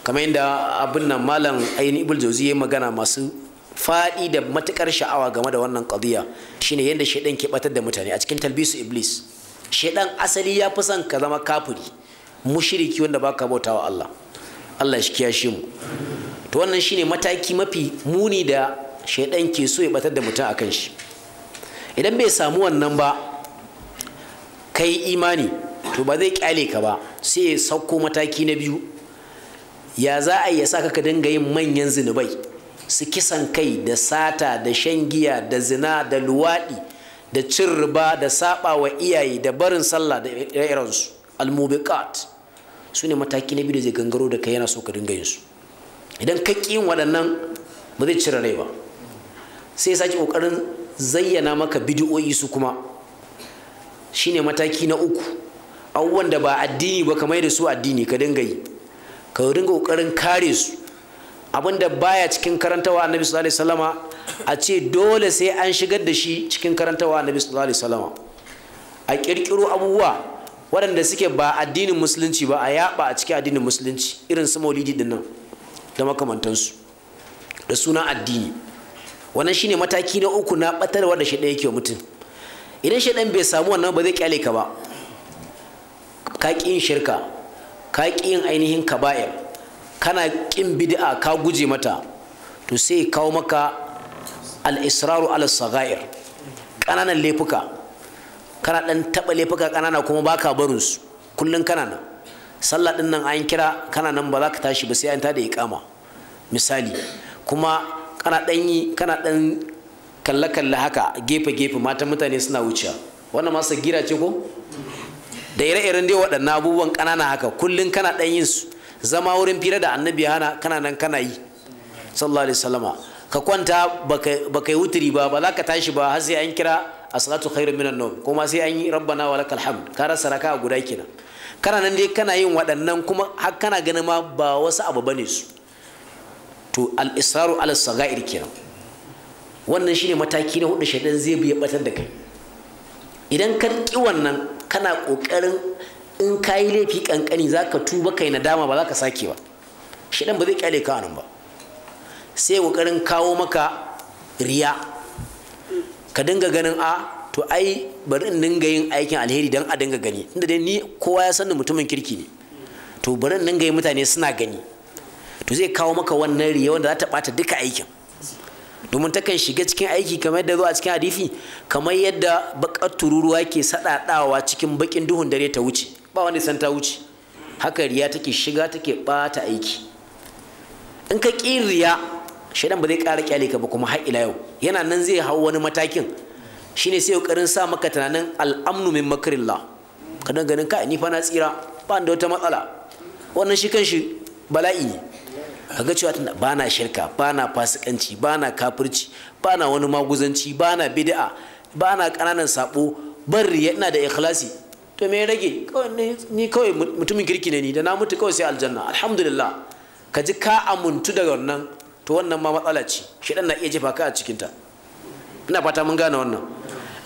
kamar yadda abin nan malam ainihin ibul jauzi ya magana masu faɗi da matukar sha'awa game da wannan qadiya shine yadda shaidan ke batar da mutane a cikin talbisu iblis shaidan asali ya fi son ka zama kafiri mushiriki wanda baka wa Allah Allah shi kiyashe mu to wannan shine mataki mafi muni da shaidan ke so ya batar da mutum a kan shi idan bai samu wannan ba kai imani to ba zai kyale ka ba sai ya sauko mataki na biyu ya za a ya saka ka dinga yin manyan zinubai su kisan kai da sata da shan giya da zina da luwaɗi da cin riba da saba wa iyaye da barin sallah da irinsu almubiqat su ne mataki na biyu da zai gangaro da kai yana so ka dinga yin su idan ka ki yin waɗannan ba zai cire rai ba sai sake ƙoƙarin zayyana maka bidiyoyi su kuma shine mataki na uku abubuwan da ba addini ba kamar da su addini ka dinga yi ka dinga ƙoƙarin kare su abinda baya cikin karantawa annabi sallallahu alaihi wasallama a ce dole sai an shigar da shi cikin karantawa annabi sallallahu alaihi wasallama a ƙirƙiro abubuwa waɗanda suke ba addinin musulunci ba a yaɓa a cikin addinin musulunci irin su maulidi din nan da makamantansu da suna addini wannan shine mataki na uku na batarwa da shaidan yake wa mutum idan shaɗan bai samu wannan ba zai kyale ka ba ka ƙi yin shirka ka ƙi yin ainihin kaba'ir kana ƙin bid'a ka guje mata to sai kawo maka al-israru sagair ƙananan laifuka kana dan taɓa laifuka kanana kuma baka barin su kullun kana nan sallah din nan an kira kana nan ba za ka tashi ba sai an tada iqama misali kuma kana dan yi kana dan kalle kalle haka gefe gefe mata mutane suna wuciya wannan ma gira ce ko da ire-iren dai waɗannan abubuwan kanana haka kullum kana dan yin su zama wurin fira da annabi hana kana nan kana yi sallallahu alaihi wasallama ka kwanta baka yi wuturi ba ba za ka tashi ba har sai an kira a salatu khairun minan nawm kuma sai an yi rabbana wa lakal hamd ka rasa raka guda kenan kana nan dai kana yin waɗannan kuma har kana ganin ma ba wasu abu bane su to al-israru ala sagair kenan wannan shine mataki na hudu shaidan zai bi ya batar da kai idan ka ki wannan kana kokarin in ka yi laifi kankani za ka tuba kai nadama ba za ka sake ba shaidan ba zai kyale ka nan ba sai kokarin kawo maka riya ka dinga ganin a to ai bari in dinga yin aikin alheri dan a dinga gani inda dai ni kowa ya sanni mutumin kirki ne to bari in dinga yi mutane suna gani to zai kawo maka wannan riya wanda za ta bata duka aikin domin takan shiga cikin aiki kamar yadda zo cikin hadifi kamar yadda bakar tururuwa ke sadadawa cikin bakin duhun dare ta wuce ba wanda san ta wuce haka riya take shiga take bata aiki in ka ƙi riya shaidan ba zai ƙara kyale ka ba kuma har ila yau yana nan zai hau wani matakin shine sai ƙarin sa maka tunanin al'amnu min makrilla ka dan ganin kai ni fa na tsira ba da wata matsala wannan shi kanshi bala'i ne kaga cewa ba na shirka ba na fasikanci ba na kafirci ba na wani maguzanci ba na bid'a ba na ƙananan sabo ban riya ina da ikhlasi to me rage ni kawai mutumin kirki ne ni da na mutu kawai sai aljanna alhamdulillah ka ji ka amuntu daga wannan to wannan ma matsala ce shedan na iya jefa ka a cikinta ina fata mun gane wannan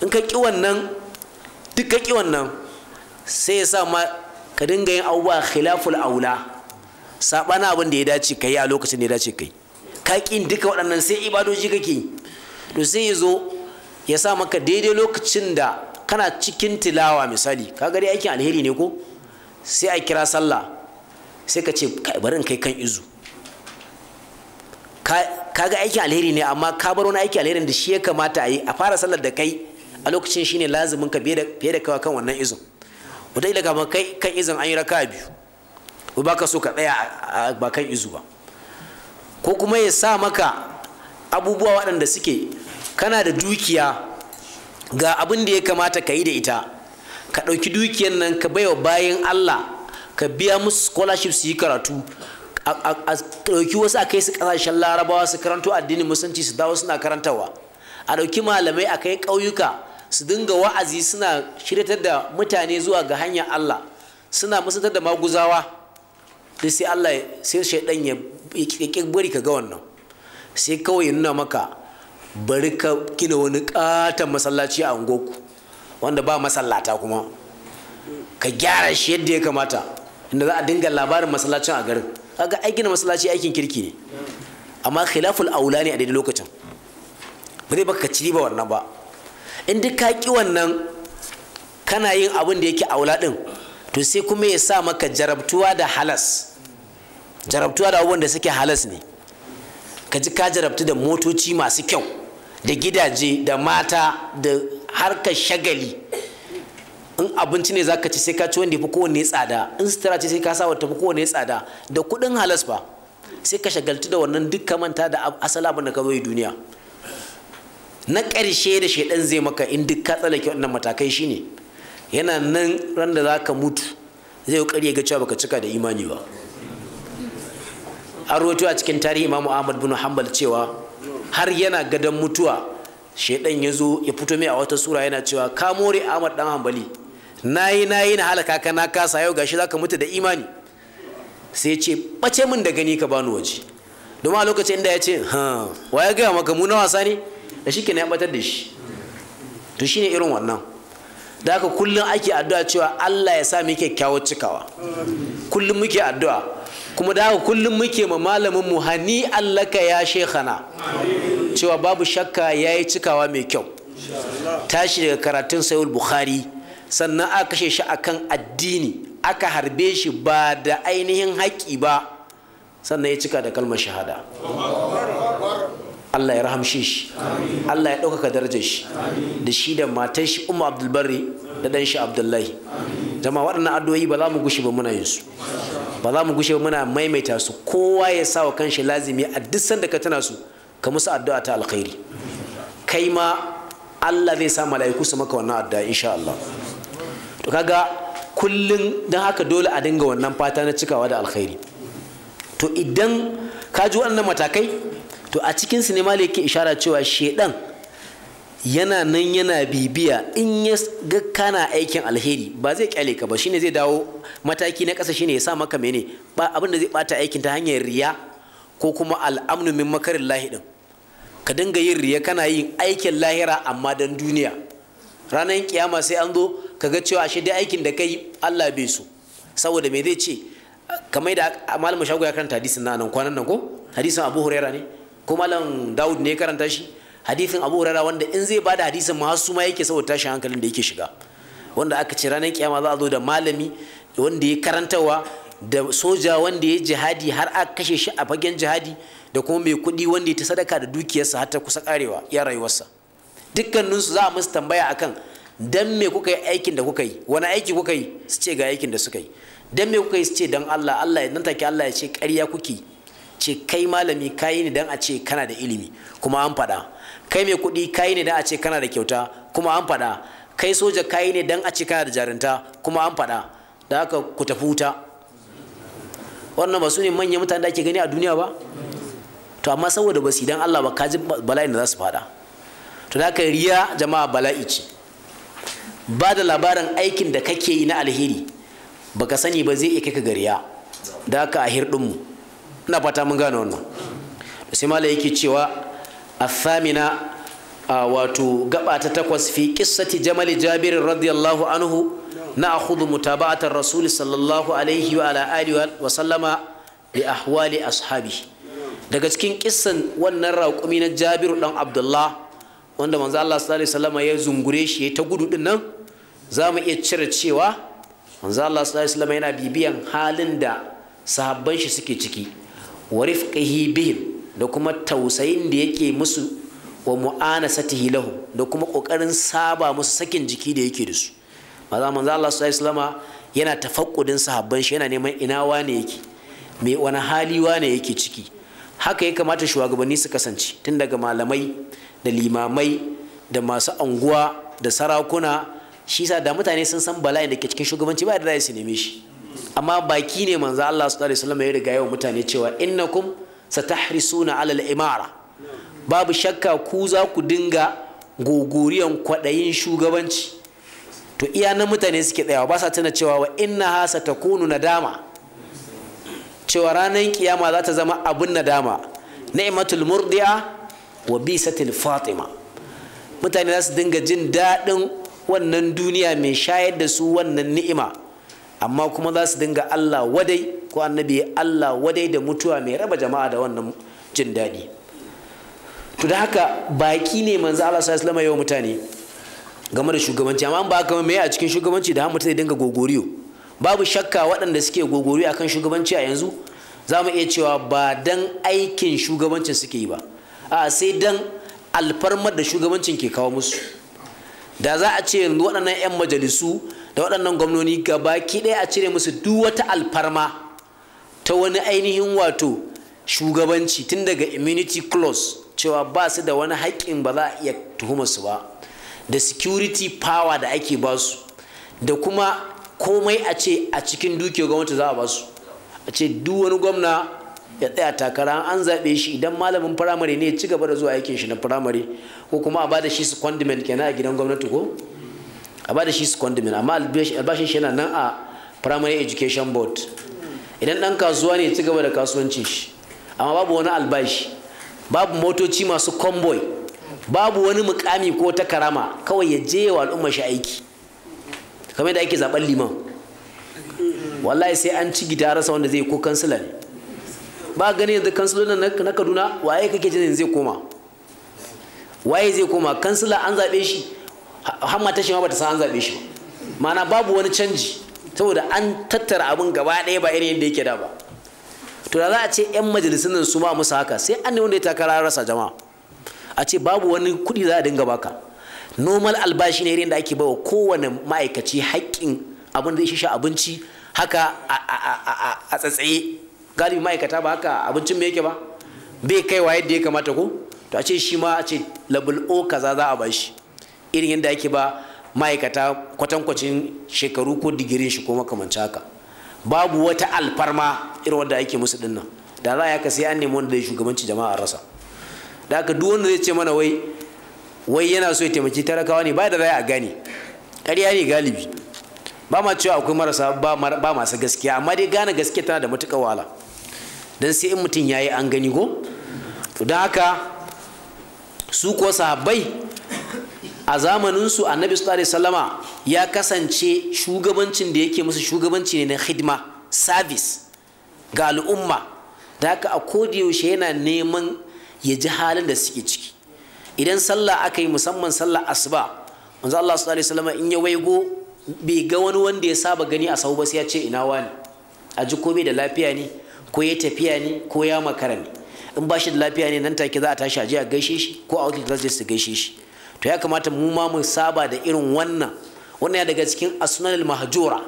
in ka ki wannan duk ka ki wannan sai ya sa ma ka dinga yin abubuwa khilaful aula sabana abin da ya dace kai a lokacin da ya dace kai ka ki duka waɗannan sai ibadoji kake to sai ya zo ya sa maka daidai lokacin da kana cikin tilawa misali ka dai aikin alheri ne ko sai a kira sallah sai ka ce bari kai kan izu kaga aikin alheri ne amma ka bar wani aiki alherin da shi ya kamata a yi a fara sallar da kai a lokacin shine lazumin ka fiye da kawa kan wannan izin wata ila kai kan izin an yi raka biyu ko ba ka so ka tsaya ba kan izu ba ko kuma ya sa maka abubuwa waɗanda suke kana da dukiya ga abin da ya kamata ka yi da ita ka ɗauki dukiyan nan ka baiwa bayan Allah ka biya musu scholarship su yi karatu a ɗauki wasu a kai su ƙasashen larabawa su karanto addinin musulunci su dawo suna karantawa a ɗauki malamai a kai ƙauyuka su dinga wa'azi suna shiryatar da mutane zuwa ga hanyar Allah suna musantar da maguzawa da sai Allah sai shaidan ya bari ka ga wannan sai kawai nuna maka bari ka gina wani ƙaton masallaci a ungoku wanda ba masallata kuma ka gyara shi yadda ya kamata inda za a dinga labarin masallacin a garin kaga aikin masallaci aikin kirki ne amma khilaful aula ne a daidai lokacin ba zai baka ka ba wannan ba in duk ka ki wannan kana yin abin da yake aula din to sai kuma ya sa maka jarabtuwa da halas jarabtuwa da abubuwan da suke halas ne ka ji ka jarabtu da motoci masu kyau da gidaje da mata da harkar shagali in abinci ne zaka ci sai ka ci wanda ya fi kowanne tsada in sutura ce sai ka sa wata fi kowanne tsada da kuɗin halas ba sai ka shagaltu da wannan duk ka manta da asala abin da ka yi duniya na ƙarshe da shaidan zai maka in duk ka tsallake wannan matakai shine yana nan ran da zaka mutu zai yi ƙarya ga cewa baka cika da imani ba a rotuwa a cikin tarihi imamu ahmad bin hanbal cewa har yana gadon mutuwa shaidan ya zo ya fito mai a wata sura yana cewa ka more ahmad dan hanbali nayi nayi na halaka ka na kasa yau gashi zaka mutu da imani sai ce bace min da gani ka bani waje domin a lokacin da ya ce ha wa ya gaya maka mu na wasa ne da shi kenan ya batar da shi to shine irin wannan da haka kullum ake addu'a cewa Allah ya sa mu kyakkyawar cikawa kullum muke addu'a kuma da haka kullum muke ma malamin mu hani allaka ya shekhana cewa babu shakka yayi cikawa mai kyau tashi daga karatun sayul bukhari sannan aka kashe shi a kan addini aka harbe shi ba da ainihin haƙƙi ba sannan ya cika da kalmar shahada Allah ya rahamshe shi Allah ya ɗaukaka darajar shi da shi da matan shi Umma Abdulbari da ɗan shi Abdullahi jama waɗannan addu'o'i ba za mu gushe ba muna yin su ba za mu gushe ba muna maimaita su kowa ya sa wa kanshi lazimi a duk sanda ka tana su ka musu addu'a ta alkhairi kai ma Allah zai sa mala'iku su maka wannan addu'a insha Allah to kaga kullum don haka dole a dinga wannan fata na cikawa da alkhairi to idan ka ji waɗannan matakai to a cikin su ne yake ishara cewa shedan yana nan yana bibiya in ya ga kana aikin alheri ba zai kyale ka ba shine zai dawo mataki na ƙasa shine ya sa maka mene ba abin da zai bata aikin ta hanyar riya ko kuma al'amnu min makarin lahi ka dinga yin riya kana yin aikin lahira amma dan duniya ranar kiyama sai an zo Ka ga cewa shi dai aikin da kai Allah bai so saboda me zai ce kamar da malam shago ya karanta hadisin na nan kwanan nan ko hadisin Abu Huraira ne ko malam Dawud ne ya karanta shi hadisin Abu Huraira wanda in zai bada hadisin ma su ma yake saboda tashin hankalin da yake shiga wanda aka ce ranar kiyama za a zo da malami wanda ya karantawa da soja wanda ya jihadi har aka kashe shi a fagen jihadi da kuma mai kuɗi wanda ya ta sadaka da dukiyarsa har ta kusa karewa ya rayuwarsa dukkaninsu za a musu tambaya akan dan me kuka yi aikin da kuka yi wani aiki kuka yi su ce ga aikin da suka yi dan me kuka yi su ce dan Allah Allah ya nan take Allah ya ce ƙarya kuke ce kai malami kai ne dan a ce kana da ilimi kuma an faɗa kai mai kuɗi kai ne dan a ce kana da kyauta kuma an faɗa kai soja kai ne dan a ce kana da jarinta kuma an faɗa da haka ku tafi wuta wannan ba su ne manyan mutane da ake gani a duniya ba to amma saboda ba su dan Allah ba ka ji bala'in da za su faɗa to da haka riya jama'a bala'i ce ba da labarin aikin da kake yi na alheri baka sani ba zai iya kai ka gariya da haka a hirɗinmu ina fata mun gane wannan sai mala yake cewa a a wato gaba ta takwas fi kissati jamal jabir radiyallahu anhu na akhudhu mutaba'atar rasul sallallahu alaihi wa ala alihi wa sallama li ahwali ashabi daga cikin kissan wannan raƙumi na Jabiru dan Abdullah wanda manzo Allah sallallahu alaihi sallama ya zungure shi ta gudu din nan za mu iya cire cewa manzo Allah sallallahu alaihi yana bibiyan halin da sahabban shi suke ciki wa rifqihi bihim da kuma tausayin da yake musu wa mu'anasatihi lahum da kuma kokarin saba musu sakin jiki da yake da su maza manzo Allah sallallahu alaihi yana tafakkudin sahabban shi yana neman ina wane yake me wani hali wane yake ciki haka ya kamata shugabanni su kasance tun daga malamai da limamai da masu anguwa da sarakuna shi sa da mutane sun san bala'in da ke cikin shugabanci ba da su neme shi amma baki ne manzo Allah sallallahu alaihi wasallam ya riga yawa mutane cewa innakum satahrisuna alal imara babu shakka ku za ku dinga gogoriyan kwaɗayin shugabanci to iya na mutane suke tsayawa ba sa tana cewa wa kunu satakunu nadama cewa ranar kiyama za ta zama abin nadama ni'matul murdi'a wa bisatil fatima mutane za su dinga jin daɗin wannan duniya mai shayar da su wannan ni'ima amma kuma za su dinga Allah wadai ko annabi Allah wadai da mutuwa mai raba jama'a da wannan jin daɗi to da haka baki ne manzo Allah sallallahu alaihi wasallam mutane game da shugabanci amma ba haka mai a cikin shugabanci da mutum zai dinga gogoriyo babu shakka waɗanda suke gogoriyo akan shugabanci a yanzu za mu iya cewa ba dan aikin shugabancin suke yi ba a sai dan alfarmar da shugabancin ke kawo musu da za a ce yanzu waɗannan 'yan majalisu da waɗannan gwamnoni gabaki ɗaya a cire musu duk wata alfarma ta wani ainihin wato shugabanci tun daga immunity clause cewa ba su da wani haƙƙin ba za a iya tuhuma su ba da security power da ake ba su da kuma komai a ce a cikin dukiyar gwamnati za a ba su a ce duk wani gwamna ya tsaya takara an zaɓe shi idan malamin firamare ne ya ci gaba da zuwa aikin shi na firamare ko kuma a bada shi secondment kenan a gidan gwamnati ko a bada shi secondment amma albashin shi yana nan a primary education board idan ɗan kasuwa ne ci gaba da kasuwanci shi amma babu wani albashi babu motoci masu convoy babu wani mukami ko ta karama kawai ya je wa al'umma shi aiki kamar yadda ake zaben liman wallahi sai an ci gida rasa wanda zai ko kansila ne ba gani da kansilolin na kaduna waye kake jin zai koma waye zai koma kansila an zaɓe shi hamma ta ma bata san an zaɓe shi ba mana babu wani canji saboda an tattara abin gaba ɗaya ba irin yadda yake da ba to da za a ce 'yan majalisun nan su ba musu haka sai an ne wanda ya takara rasa jama'a a ce babu wani kuɗi za a dinga baka normal albashi ne irin da ake bawa kowane ma'aikaci haƙƙin abin da ya shi abinci haka a tsatsaye galibi ma'aikata ba haka abincin me yake ba bai kai wa yadda ya kamata ko to a ce shi ma a ce labul o kaza za a bashi irin yadda ake ba ma'aikata kwatankwacin shekaru ko digirin shi ko makamanci haka babu wata alfarma irin wanda ake musu dinnan da za a yaka sai an nemi wanda zai shugabanci jama'a rasa da haka duk wanda zai ce mana wai wai yana so ya taimaki talakawa ne ba da za a gane ƙarya ne galibi ba ma cewa akwai marasa ba masu gaskiya amma dai gane gaskiya tana da matuƙar wahala don sai in mutum ya yi an gani ko to da haka su ko sahabbai a zamaninsu annabi su alaihi salama ya kasance shugabancin da yake musu shugabanci ne na hidima service ga al'umma da haka a yaushe yana neman ya ji halin da suke ciki idan sallah aka yi musamman sallah asuba manzo Allah su salama in ya waigo bai ga wani wanda ya saba gani a sau ba sai ya ce ina wani a ji komai da lafiya ne ko ya tafiya ne ko ya makara ne in ba shi da lafiya ne nan take za a tashi aje a gaishe shi ko a wakil za su gaishe shi to ya kamata mu ma mu saba da irin wannan wannan ya daga cikin asunan mahjura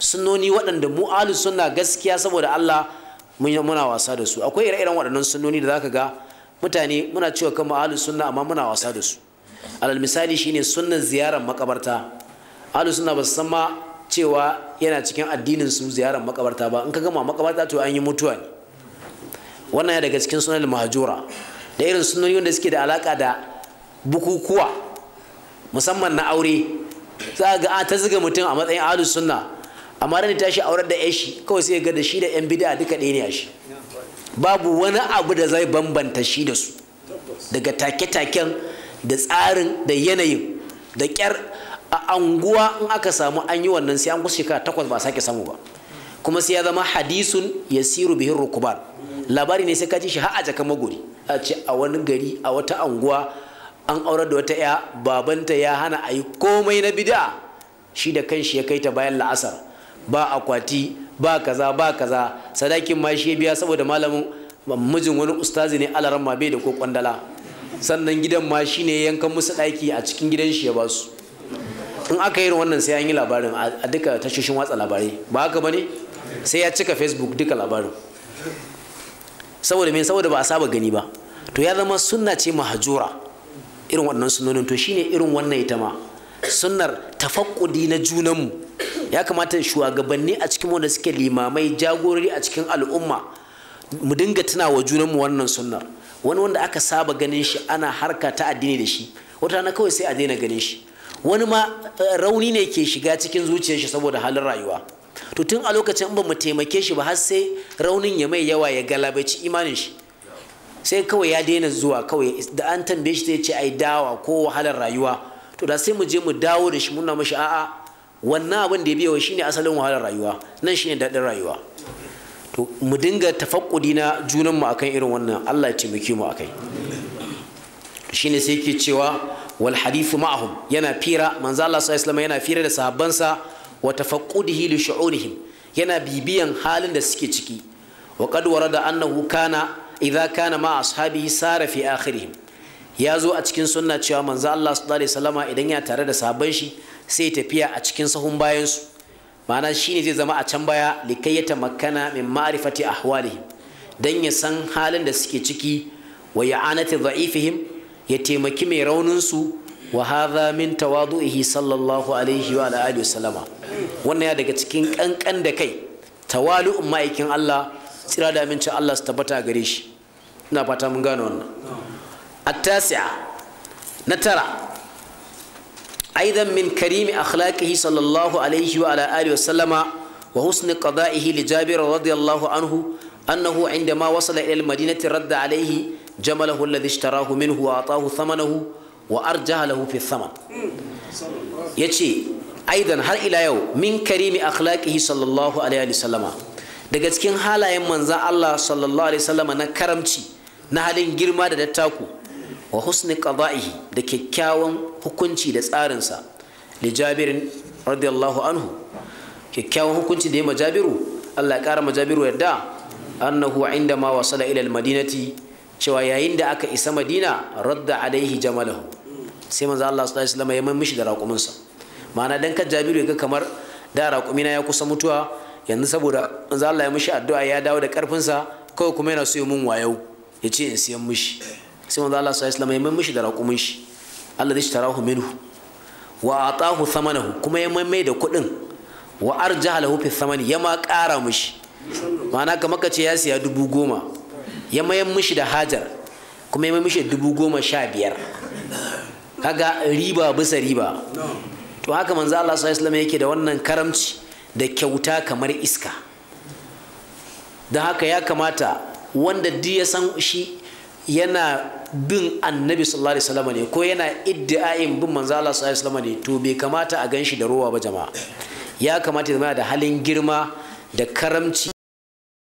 sunnoni waɗanda mu alu suna gaskiya saboda Allah muna wasa da su akwai ire-iren waɗannan sunnoni da zaka ga mutane muna cewa kan ahlu sunna amma muna wasa da su alal misali shine sunnan ziyarar makabarta alu suna ba su san ma cewa yana cikin addinin su ziyarar makabarta ba in ka gama makabarta to an yi mutuwa ne wannan ya daga cikin sunan mahajura da irin sunan wanda suke da alaka da bukukuwa musamman na aure za ga ta zuga mutum a matsayin ahlu sunna amma da tashi aurar da shi kawai sai ga da shi da yan bid'a duka ɗaya ne a shi babu wani abu da zai bambanta shi da su daga take-taken da tsarin da yanayin da kyar a anguwa in aka samu an yi wannan sai an kusa shekara takwas ba sake samu ba kuma sai ya zama hadisun ya siru bihin rukubar labari ne sai ka ji shi har a jaka magori a ce a wani gari a wata anguwa an aurar da wata ya babanta ya hana a yi komai na bida shi da kanshi ya kai ta bayan la'asar ba akwati ba kaza ba kaza sadakin ma shi ya biya saboda malamin mijin wani ustazi ne alaran ma bai da ko kwandala sannan gidan ma shi ne yankan musu daki a cikin gidan shi ya basu in aka yi wannan sai an yi labarin a duka tashoshin watsa labarai ba haka ba ne sai ya cika facebook duka labarin saboda me saboda ba a saba gani ba to ya zama sunna ce mahajura irin wannan sunonin to shine irin wannan ita ma sunnar tafakkudi na junanmu ya kamata shugabanni a cikin wanda suke limamai jagorori a cikin al'umma mu dinga tuna wa junanmu wannan sunnar wani wanda aka saba ganin shi ana harka ta addini da shi wata na kawai sai a daina ganin shi wani ma eh, rauni ne ke shiga cikin zuciyar shi saboda halin rayuwa to tun a lokacin ba mu taimake shi ba har sai raunin ya mai yawa ya galabaci imanin shi sai kawai ya daina zuwa kawai da an tambaye shi zai ce ai dawa ko wahalar rayuwa to da sai mu je mu dawo da shi muna mashi a'a wannan abin da ya biya shine asalin wahalar rayuwa nan shine daɗin rayuwa to mu dinga tafakkudi na junanmu akan irin wannan Allah ya taimake mu akai shine sai ke cewa wal hadithu ma'ahum yana fira manzo Allah sallallahu yana fira da sahabbansa wa tafaqqudihi li yana bibiyan halin da suke ciki wa qad warada annahu kana idza kana ma ashabihi sara fi akhirihim ya zo a cikin sunna cewa manzo Allah sallallahu alaihi idan ya tare da sahabban shi sai tafiya a cikin sahun bayan su ma'ana shine zai zama a can baya likai ya tamakkana min ma'rifati ahwalihim dan ya san halin da suke ciki wa ya'anati dha'ifihim ya taimaki mai rauninsu wa hadha min tawadu'ihi sallallahu alaihi wa alihi wasallama wannan ya daga cikin kankan da kai tawali'un ma'aikin Allah tsira da amincin Allah su tabbata gare shi ina fata mun gane wannan at-tasi'a na tara aidan min karimi akhlaqihi sallallahu alaihi wa alihi wasallama وحسن قضائه لجابر رضي الله عنه أنه عندما وصل إلى madinati رد عليه jamalahu alladhi ishtarahu minhu wa atahu thamanahu wa arjaha lahu fi thaman yace aidan har ila yau min karimi akhlaqihi sallallahu alaihi wasallama daga cikin halayen manzan Allah sallallahu alaihi wasallama na karamci na halin girma da dattaku wa husni qada'ihi da kyakkyawan hukunci da tsarinsa li jabirin radiyallahu anhu kyakkyawan hukunci da ya majabiru Allah ya kara majabiru yadda annahu inda ma wasala ila Madinati. cewa yayin da aka isa madina radda alaihi jamalahu sai manzo Allah sallallahu alaihi wasallam ya mai mishi da sa ma'ana dan kan jabiru ga kamar da raƙumina ya kusa mutuwa yanzu saboda manzo Allah ya mishi addu'a ya dawo da sa kawai kuma yana so ya mun wayo ya ce in siyan mishi sai manzo Allah sallallahu alaihi wasallam ya mai mishi da raƙumin shi Allah zai tarahu minhu wa atahu thamanahu kuma ya mai da kuɗin wa arjaha lahu fi thamani ya ma ƙara mishi ma'ana kamar ka ce ya siya dubu goma ya mayan mishi da hajar kuma ya mayan mishi da dubu goma sha biyar kaga riba bisa riba to haka manzo Allah sallallahu alaihi yake da wannan karamci da kyauta kamar iska da haka ya kamata wanda duk ya san shi yana bin annabi sallallahu alaihi wasallam ne ko yana iddiayin bin manzo Allah sallallahu alaihi ne to bai kamata a ganshi da rowa ba jama'a ya kamata ya da halin girma da karamci